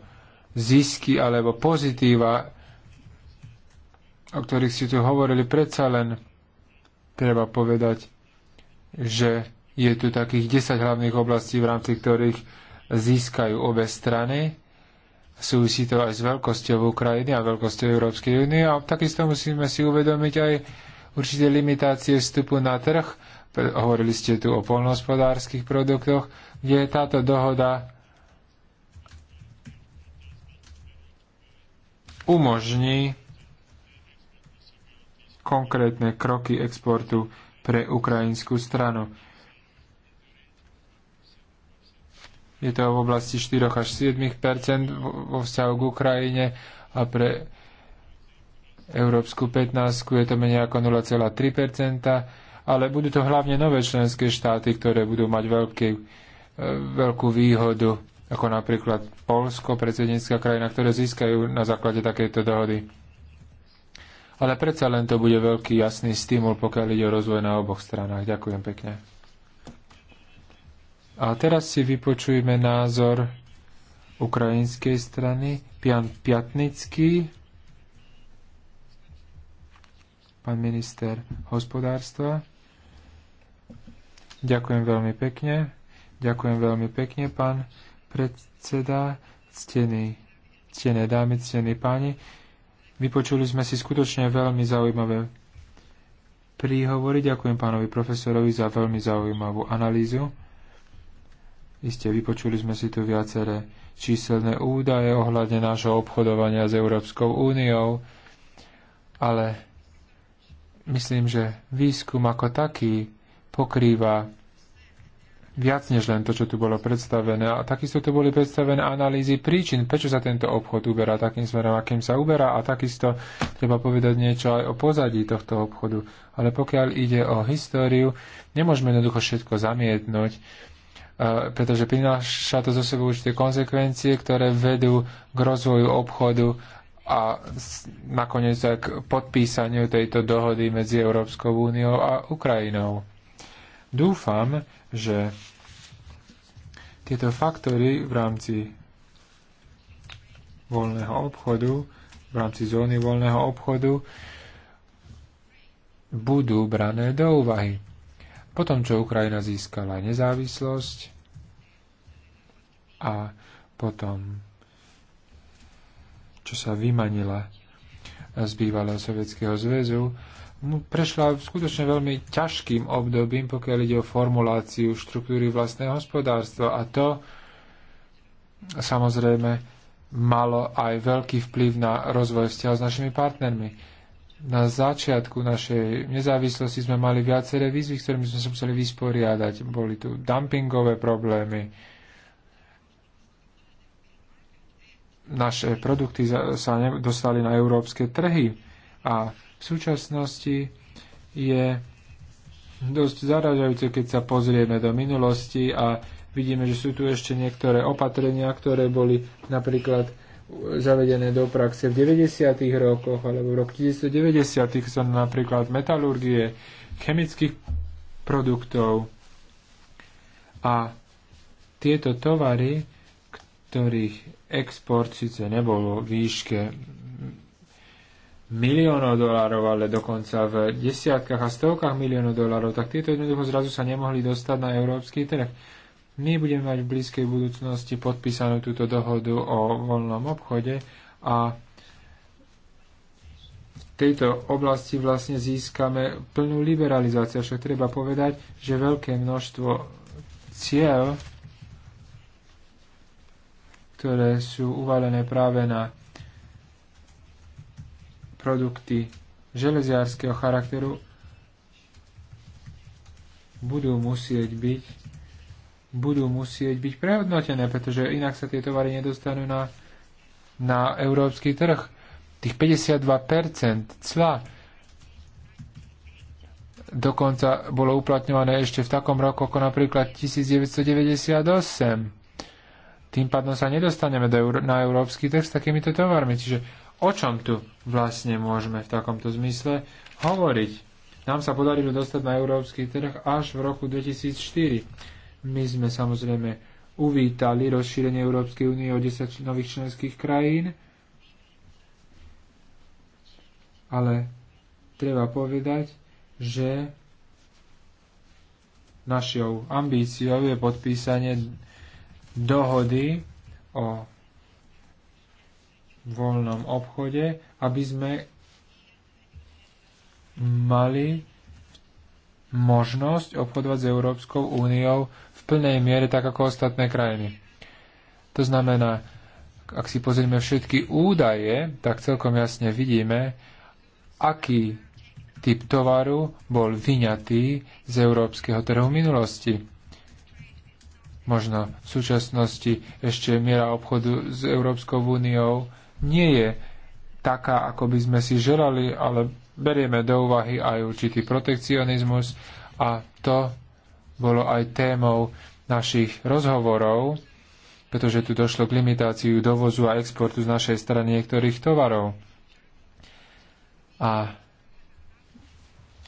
zisky alebo pozitíva o ktorých ste tu hovorili, predsa len treba povedať, že je tu takých 10 hlavných oblastí, v rámci ktorých získajú obe strany. Súvisí to aj s veľkosťou Ukrajiny a veľkosťou Európskej únie a takisto musíme si uvedomiť aj určité limitácie vstupu na trh. Hovorili ste tu o polnohospodárskych produktoch, kde táto dohoda umožní konkrétne kroky exportu pre ukrajinskú stranu. Je to v oblasti 4 až 7 vo vzťahu k Ukrajine a pre Európsku 15 je to menej ako 0,3 ale budú to hlavne nové členské štáty, ktoré budú mať veľký, e, veľkú výhodu, ako napríklad Polsko, predsednícka krajina, ktoré získajú na základe takéto dohody ale predsa len to bude veľký jasný stimul, pokiaľ ide o rozvoj na oboch stranách. Ďakujem pekne. A teraz si vypočujeme názor ukrajinskej strany, Pian Piatnický, pán minister hospodárstva. Ďakujem veľmi pekne. Ďakujem veľmi pekne, pán predseda, ctený, ctené dámy, ctení páni. Vypočuli sme si skutočne veľmi zaujímavé príhovory. Ďakujem pánovi profesorovi za veľmi zaujímavú analýzu. Isté, vypočuli sme si tu viaceré číselné údaje ohľadne nášho obchodovania s Európskou úniou, ale myslím, že výskum ako taký pokrýva viac než len to, čo tu bolo predstavené. A takisto tu boli predstavené analýzy príčin, prečo sa tento obchod uberá takým smerom, akým sa uberá. A takisto treba povedať niečo aj o pozadí tohto obchodu. Ale pokiaľ ide o históriu, nemôžeme jednoducho všetko zamietnúť, e, pretože prináša to zo sebou určité konsekvencie, ktoré vedú k rozvoju obchodu a nakoniec aj k podpísaniu tejto dohody medzi Európskou úniou a Ukrajinou. Dúfam, že tieto faktory v rámci voľného obchodu, v rámci zóny voľného obchodu, budú brané do úvahy. Potom, čo Ukrajina získala nezávislosť a potom, čo sa vymanila z bývalého Sovietskeho zväzu, prešla skutočne veľmi ťažkým obdobím, pokiaľ ide o formuláciu štruktúry vlastného hospodárstva a to samozrejme malo aj veľký vplyv na rozvoj vzťahov s našimi partnermi. Na začiatku našej nezávislosti sme mali viaceré výzvy, s ktorými sme sa museli vysporiadať. Boli tu dumpingové problémy, naše produkty sa dostali na európske trhy a v súčasnosti je dosť zaražajúce, keď sa pozrieme do minulosti a vidíme, že sú tu ešte niektoré opatrenia, ktoré boli napríklad zavedené do praxe v 90. rokoch alebo v roku 1990. sú napríklad metalurgie, chemických produktov a tieto tovary, ktorých export síce nebolo výške miliónov dolárov, ale dokonca v desiatkách a stovkách miliónov dolárov, tak tieto jednoducho zrazu sa nemohli dostať na európsky trh. My budeme mať v blízkej budúcnosti podpísanú túto dohodu o voľnom obchode a v tejto oblasti vlastne získame plnú liberalizáciu. Však treba povedať, že veľké množstvo cieľ, ktoré sú uvalené práve na produkty železiárskeho charakteru budú musieť byť budú musieť byť prehodnotené, pretože inak sa tie tovary nedostanú na, na európsky trh. Tých 52% cla dokonca bolo uplatňované ešte v takom roku ako napríklad 1998. Tým pádom sa nedostaneme do, na európsky trh s takýmito tovarmi. Čiže O čom tu vlastne môžeme v takomto zmysle hovoriť? Nám sa podarilo dostať na európsky trh až v roku 2004. My sme samozrejme uvítali rozšírenie Európskej únie o 10 nových členských krajín, ale treba povedať, že našou ambíciou je podpísanie dohody o voľnom obchode, aby sme mali možnosť obchodovať s Európskou úniou v plnej miere, tak ako ostatné krajiny. To znamená, ak si pozrieme všetky údaje, tak celkom jasne vidíme, aký typ tovaru bol vyňatý z európskeho trhu v minulosti. Možno v súčasnosti ešte miera obchodu s Európskou úniou nie je taká, ako by sme si želali, ale berieme do úvahy aj určitý protekcionizmus a to bolo aj témou našich rozhovorov, pretože tu došlo k limitáciu dovozu a exportu z našej strany niektorých tovarov. A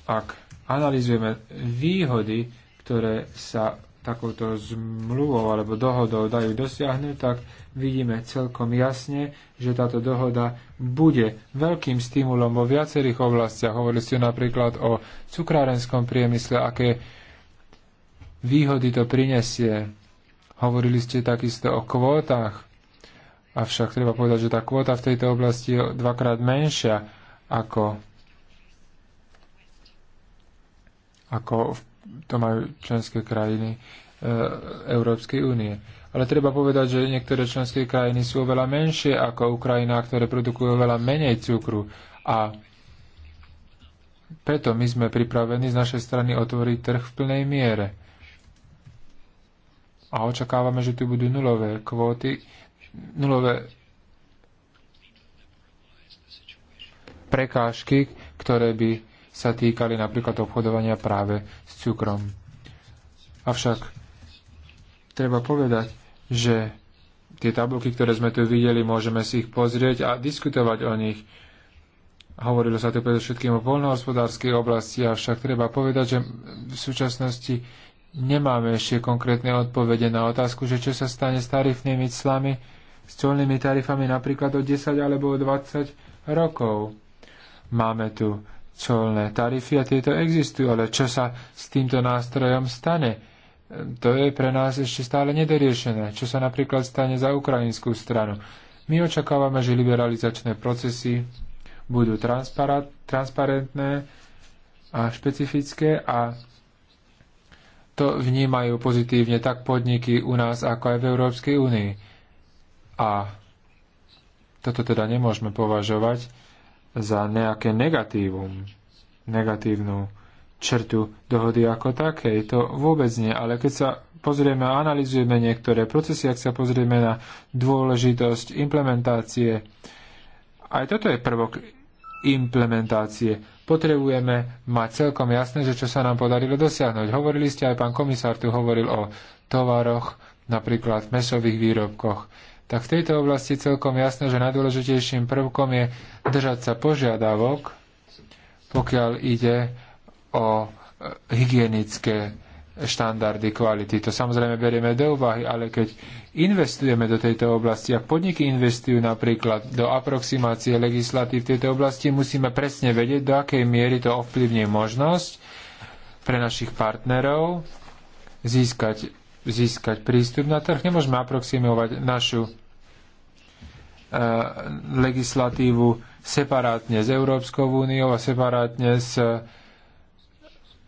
ak analizujeme výhody, ktoré sa takouto zmluvou alebo dohodou dajú dosiahnuť, tak vidíme celkom jasne, že táto dohoda bude veľkým stimulom vo viacerých oblastiach. Hovorili ste napríklad o cukrárenskom priemysle, aké výhody to prinesie. Hovorili ste takisto o kvótach, avšak treba povedať, že tá kvóta v tejto oblasti je dvakrát menšia ako, ako v to majú členské krajiny e, Európskej únie. Ale treba povedať, že niektoré členské krajiny sú oveľa menšie ako Ukrajina, ktoré produkujú oveľa menej cukru. A preto my sme pripravení z našej strany otvoriť trh v plnej miere. A očakávame, že tu budú nulové kvóty, nulové prekážky, ktoré by sa týkali napríklad obchodovania práve s cukrom. Avšak treba povedať, že tie tabulky, ktoré sme tu videli, môžeme si ich pozrieť a diskutovať o nich. Hovorilo sa tu predovšetkým o poľnohospodárskej oblasti, avšak treba povedať, že v súčasnosti nemáme ešte konkrétne odpovede na otázku, že čo sa stane s tarifnými clami, s colnými tarifami napríklad o 10 alebo o 20 rokov. Máme tu colné tarify a tieto existujú, ale čo sa s týmto nástrojom stane? To je pre nás ešte stále nedoriešené. Čo sa napríklad stane za ukrajinskú stranu? My očakávame, že liberalizačné procesy budú transparentné a špecifické a to vnímajú pozitívne tak podniky u nás, ako aj v Európskej únii. A toto teda nemôžeme považovať za nejaké negatívum, negatívnu črtu dohody ako takej. To vôbec nie, ale keď sa pozrieme a analizujeme niektoré procesy, ak sa pozrieme na dôležitosť implementácie, aj toto je prvok implementácie. Potrebujeme mať celkom jasné, že čo sa nám podarilo dosiahnuť. Hovorili ste aj pán komisár, tu hovoril o tovaroch, napríklad v mesových výrobkoch tak v tejto oblasti celkom jasné, že najdôležitejším prvkom je držať sa požiadavok, pokiaľ ide o e, hygienické štandardy kvality. To samozrejme berieme do úvahy, ale keď investujeme do tejto oblasti, ak podniky investujú napríklad do aproximácie legislatív v tejto oblasti, musíme presne vedieť, do akej miery to ovplyvní možnosť pre našich partnerov získať, získať prístup na trh. Nemôžeme aproximovať našu Eh, legislatívu separátne s Európskou úniou a separátne s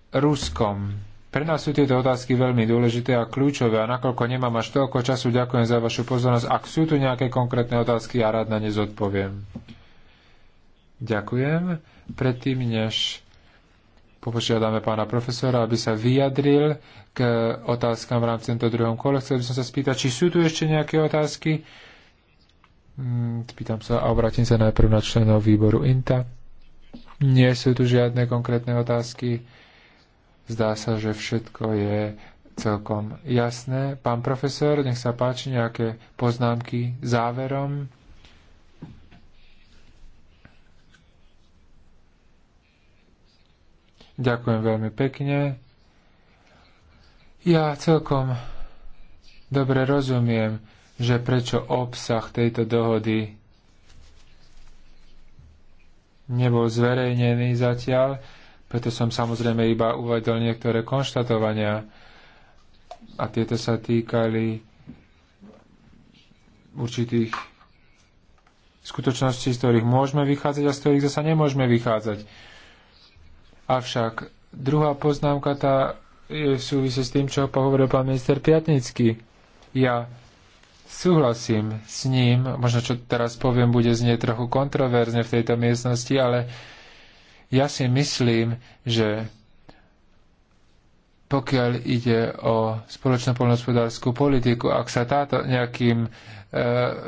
Ruskom. Pre nás sú tieto otázky veľmi dôležité a kľúčové a nakoľko nemám až toľko času, ďakujem za vašu pozornosť. Ak sú tu nejaké konkrétne otázky, ja rád na ne zodpoviem. Ďakujem. Predtým, než popožiadame pána profesora, aby sa vyjadril k otázkam v rámci tento druhom kole, chcel by som sa spýtať, či sú tu ešte nejaké otázky. Mm, pýtam sa a obratím sa najprv na členov výboru INTA. Nie sú tu žiadne konkrétne otázky. Zdá sa, že všetko je celkom jasné. Pán profesor, nech sa páči nejaké poznámky záverom. Ďakujem veľmi pekne. Ja celkom dobre rozumiem že prečo obsah tejto dohody nebol zverejnený zatiaľ, preto som samozrejme iba uvedol niektoré konštatovania a tieto sa týkali určitých skutočností, z ktorých môžeme vychádzať a z ktorých zasa nemôžeme vychádzať. Avšak druhá poznámka tá je v súvisí s tým, čo hovoril pán minister Piatnický. Ja súhlasím s ním. Možno, čo teraz poviem, bude znieť trochu kontroverzne v tejto miestnosti, ale ja si myslím, že pokiaľ ide o spoločnú poľnohospodárskú politiku, ak sa táto nejakým e,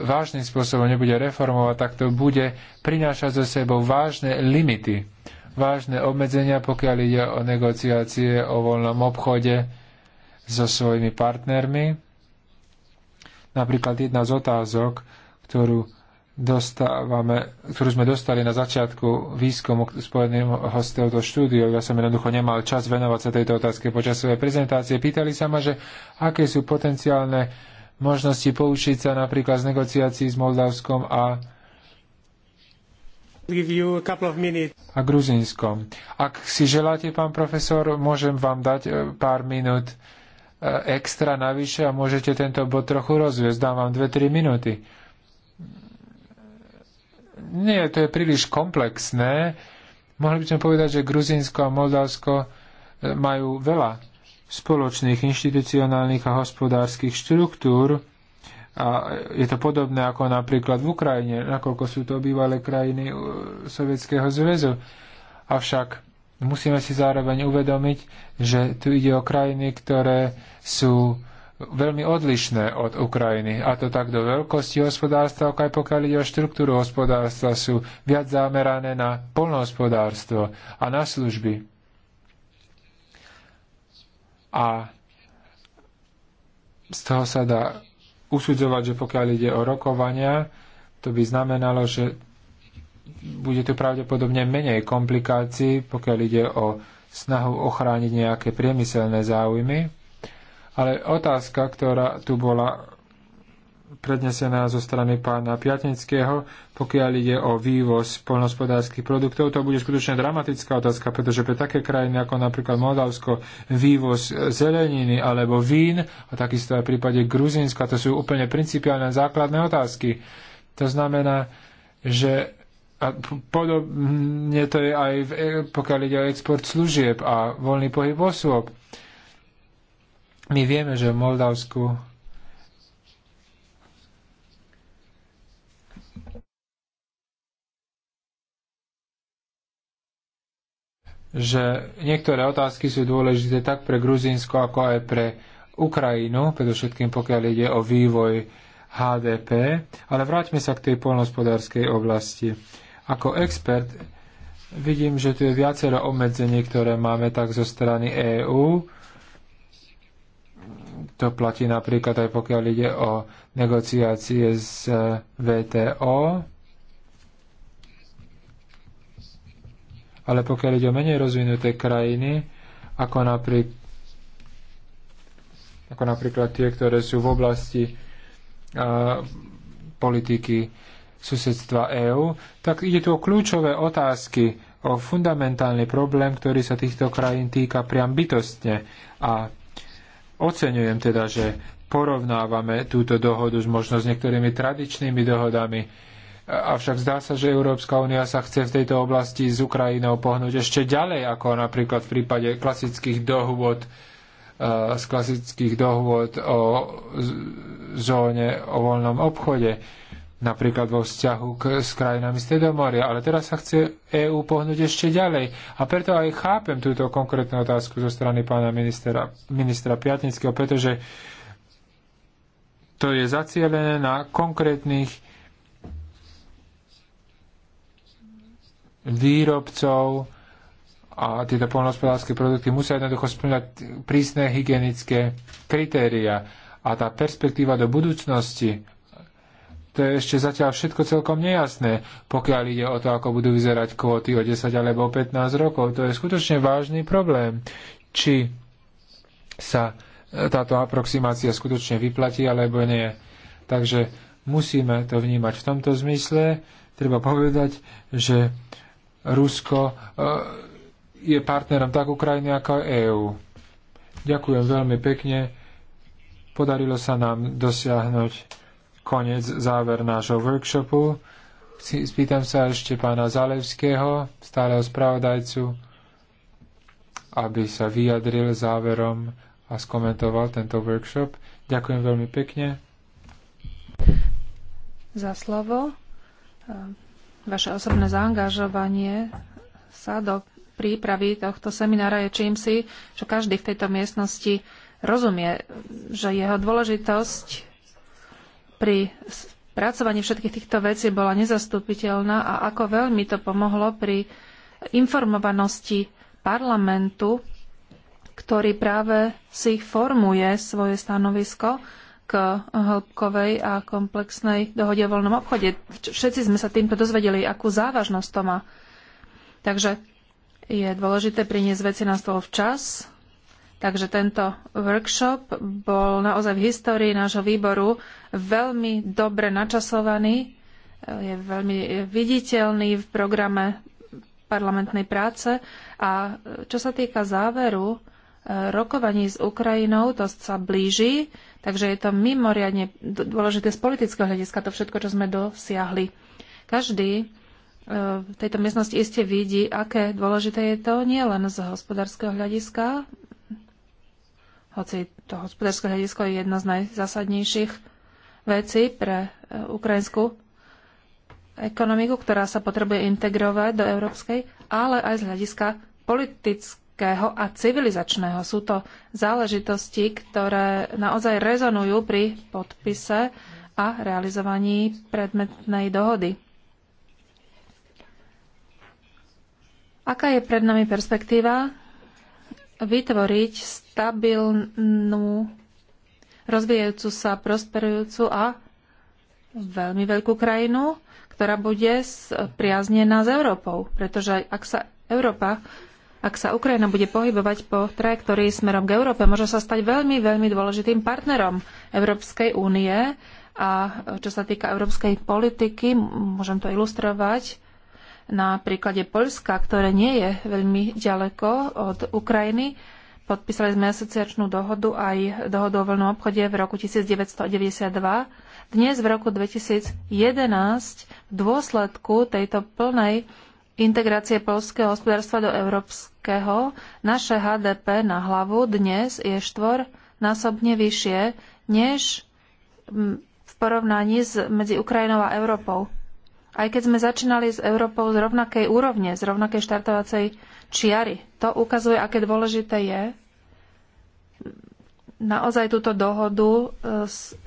vážnym spôsobom nebude reformovať, tak to bude prinášať so sebou vážne limity, vážne obmedzenia, pokiaľ ide o negociácie o voľnom obchode so svojimi partnermi Napríklad jedna z otázok, ktorú dostávame, ktorú sme dostali na začiatku výskumu spojeného s touto štúdiou. Ja som jednoducho nemal čas venovať sa tejto otázke počas svojej prezentácie. Pýtali sa ma, že aké sú potenciálne možnosti poučiť sa napríklad z negociácií s Moldavskom a a gruzinskom. Ak si želáte, pán profesor, môžem vám dať e, pár minút Eh, extra navyše a môžete tento bod trochu rozviesť. Dám vám 2-3 minúty. Nie, to je príliš komplexné. Mohli by sme povedať, že Gruzinsko a Moldavsko eh, majú veľa spoločných inštitucionálnych a hospodárskych štruktúr a je to podobné ako napríklad v Ukrajine, nakoľko sú to bývalé krajiny eh, Sovietskeho zväzu. Avšak musíme si zároveň uvedomiť, že tu ide o krajiny, ktoré sú veľmi odlišné od Ukrajiny. A to tak do veľkosti hospodárstva, ako aj pokiaľ ide o štruktúru hospodárstva, sú viac zamerané na polnohospodárstvo a na služby. A z toho sa dá usudzovať, že pokiaľ ide o rokovania, to by znamenalo, že bude tu pravdepodobne menej komplikácií, pokiaľ ide o snahu ochrániť nejaké priemyselné záujmy. Ale otázka, ktorá tu bola prednesená zo strany pána Piatnického, pokiaľ ide o vývoz poľnohospodárskych produktov. To bude skutočne dramatická otázka, pretože pre také krajiny ako napríklad Moldavsko vývoz zeleniny alebo vín a takisto aj v prípade Gruzinska, to sú úplne principiálne základné otázky. To znamená, že a podobne to je aj v, e- pokiaľ ide o export služieb a voľný pohyb osôb. My vieme, že v Moldavsku že niektoré otázky sú dôležité tak pre Gruzínsko, ako aj pre Ukrajinu, predovšetkým pokiaľ ide o vývoj HDP, ale vráťme sa k tej polnospodárskej oblasti. Ako expert vidím, že tu je viacero obmedzení, ktoré máme tak zo strany EÚ. To platí napríklad aj pokiaľ ide o negociácie z e, VTO. Ale pokiaľ ide o menej rozvinuté krajiny, ako napríklad ako napríklad tie, ktoré sú v oblasti uh, politiky susedstva EÚ, tak ide tu o kľúčové otázky, o fundamentálny problém, ktorý sa týchto krajín týka priam bytostne. A oceňujem teda, že porovnávame túto dohodu s možno s niektorými tradičnými dohodami, Avšak zdá sa, že Európska únia sa chce v tejto oblasti s Ukrajinou pohnúť ešte ďalej, ako napríklad v prípade klasických dohôd eh, z klasických dohôd o zóne o voľnom obchode napríklad vo vzťahu k, s krajinami Stredomoria, ale teraz sa chce EÚ pohnúť ešte ďalej. A preto aj chápem túto konkrétnu otázku zo strany pána ministera, ministra Piatnického, pretože to je zacielené na konkrétnych výrobcov a tieto polnohospodárske produkty musia jednoducho splňať prísne hygienické kritéria. A tá perspektíva do budúcnosti, to je ešte zatiaľ všetko celkom nejasné, pokiaľ ide o to, ako budú vyzerať kvóty o 10 alebo o 15 rokov. To je skutočne vážny problém. Či sa e, táto aproximácia skutočne vyplatí alebo nie. Takže musíme to vnímať v tomto zmysle. Treba povedať, že Rusko e, je partnerom tak Ukrajiny ako EÚ. Ďakujem veľmi pekne. Podarilo sa nám dosiahnuť koniec, záver nášho workshopu. Spýtam sa ešte pána Zalevského, stáleho spravodajcu, aby sa vyjadril záverom a skomentoval tento workshop. Ďakujem veľmi pekne. Za slovo. E, vaše osobné zaangažovanie sa do prípravy tohto seminára je čím si, že každý v tejto miestnosti rozumie, že jeho dôležitosť pri pracovaní všetkých týchto vecí bola nezastupiteľná a ako veľmi to pomohlo pri informovanosti parlamentu, ktorý práve si formuje svoje stanovisko k hĺbkovej a komplexnej dohode o voľnom obchode. Všetci sme sa týmto dozvedeli, akú závažnosť to má. Takže je dôležité priniesť veci na stôl včas, Takže tento workshop bol naozaj v histórii nášho výboru veľmi dobre načasovaný, je veľmi viditeľný v programe parlamentnej práce a čo sa týka záveru e, rokovaní s Ukrajinou, to sa blíži, takže je to mimoriadne dôležité z politického hľadiska to všetko, čo sme dosiahli. Každý e, v tejto miestnosti iste vidí, aké dôležité je to nie len z hospodárskeho hľadiska, hoci to hospodárske hľadisko je jedna z najzásadnejších vecí pre e, ukrajinskú ekonomiku, ktorá sa potrebuje integrovať do európskej, ale aj z hľadiska politického a civilizačného. Sú to záležitosti, ktoré naozaj rezonujú pri podpise a realizovaní predmetnej dohody. Aká je pred nami perspektíva vytvoriť z stabilnú, rozvíjajúcu sa, prosperujúcu a veľmi veľkú krajinu, ktorá bude priaznená s Európou. Pretože ak sa Európa, ak sa Ukrajina bude pohybovať po trajektórii smerom k Európe, môže sa stať veľmi, veľmi dôležitým partnerom Európskej únie. A čo sa týka európskej politiky, môžem to ilustrovať na príklade Poľska, ktoré nie je veľmi ďaleko od Ukrajiny, Podpísali sme asociačnú dohodu aj dohodu o voľnom obchode v roku 1992. Dnes v roku 2011 v dôsledku tejto plnej integrácie polského hospodárstva do európskeho naše HDP na hlavu dnes je štvornásobne vyššie než v porovnaní s, medzi Ukrajinou a Európou. Aj keď sme začínali s Európou z rovnakej úrovne, z rovnakej štartovacej čiary. To ukazuje, aké dôležité je naozaj túto dohodu e,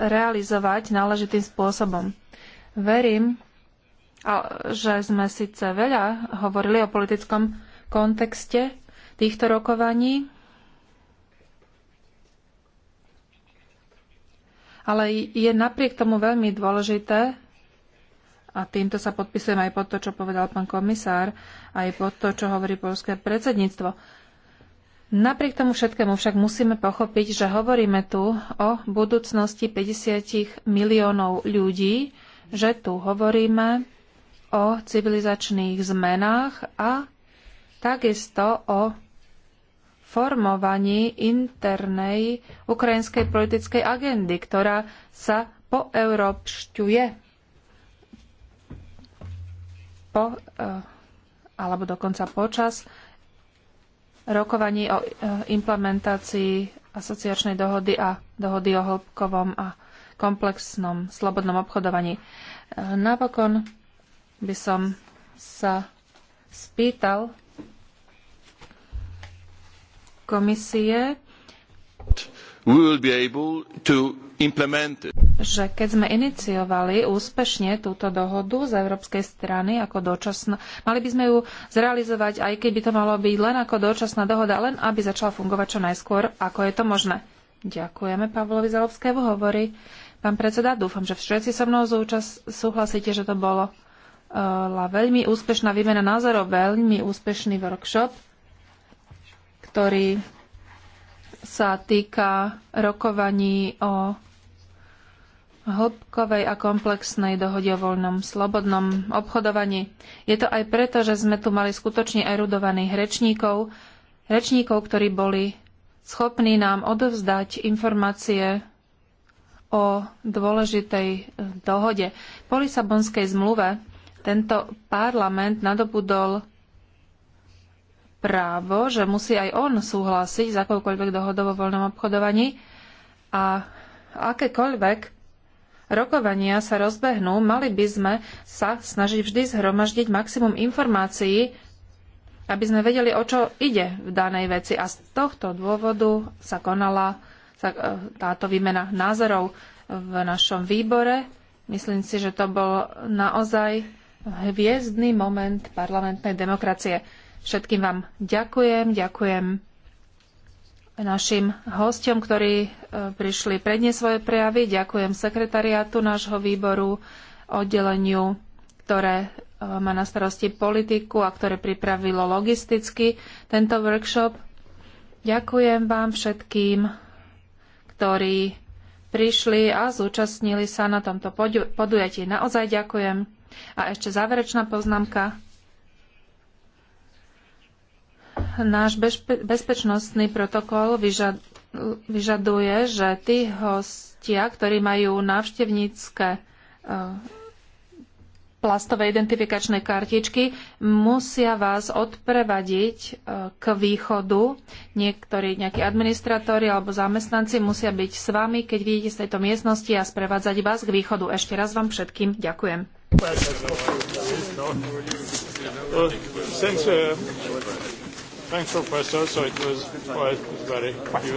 realizovať náležitým spôsobom. Verím, že sme síce veľa hovorili o politickom kontexte týchto rokovaní, ale je napriek tomu veľmi dôležité a týmto sa podpisujem aj pod to, čo povedal pán komisár, aj pod to, čo hovorí polské predsedníctvo. Napriek tomu všetkému však musíme pochopiť, že hovoríme tu o budúcnosti 50 miliónov ľudí, že tu hovoríme o civilizačných zmenách a takisto o formovaní internej ukrajinskej politickej agendy, ktorá sa poeurópšťuje po eh, alebo dokonca počas rokovaní o eh, implementácii asociačnej dohody a dohody o hĺbkovom a komplexnom slobodnom obchodovaní. Eh, Napokon by som sa spýtal komisie. We will be able to že keď sme iniciovali úspešne túto dohodu z európskej strany ako dočasná, mali by sme ju zrealizovať, aj keby to malo byť len ako dočasná dohoda, len aby začala fungovať čo najskôr, ako je to možné. Ďakujeme Pavlovi Zalovskému, hovorí pán predseda. Dúfam, že všetci so mnou zúčas, súhlasíte, že to bolo uh, veľmi úspešná výmena názorov, veľmi úspešný workshop, ktorý sa týka rokovaní o hĺbkovej a komplexnej dohode o voľnom slobodnom obchodovaní. Je to aj preto, že sme tu mali skutočne erudovaných rečníkov, rečníkov, ktorí boli schopní nám odovzdať informácie o dôležitej eh, dohode. Po Lisabonskej zmluve tento parlament nadobudol právo, že musí aj on súhlasiť s akoukoľvek dohodou o voľnom obchodovaní a akékoľvek rokovania sa rozbehnú, mali by sme sa snažiť vždy zhromaždiť maximum informácií, aby sme vedeli, o čo ide v danej veci. A z tohto dôvodu sa konala e, táto výmena názorov v našom výbore. Myslím si, že to bol naozaj hviezdný moment parlamentnej demokracie. Všetkým vám ďakujem, ďakujem našim hostom, ktorí e, prišli predne svoje prejavy. Ďakujem sekretariátu nášho výboru, oddeleniu, ktoré e, má na starosti politiku a ktoré pripravilo logisticky tento workshop. Ďakujem vám všetkým, ktorí prišli a zúčastnili sa na tomto podujatí. Naozaj ďakujem. A ešte záverečná poznámka. náš bezpečnostný protokol vyžaduje, že tí hostia, ktorí majú návštevnícke e, plastové identifikačné kartičky, musia vás odprevadiť e, k východu. Niektorí nejakí administratóri alebo zamestnanci musia byť s vami, keď vidíte z tejto miestnosti a sprevádzať vás k východu. Ešte raz vám všetkým ďakujem. Uh, Thanks for Professor. So it was quite very.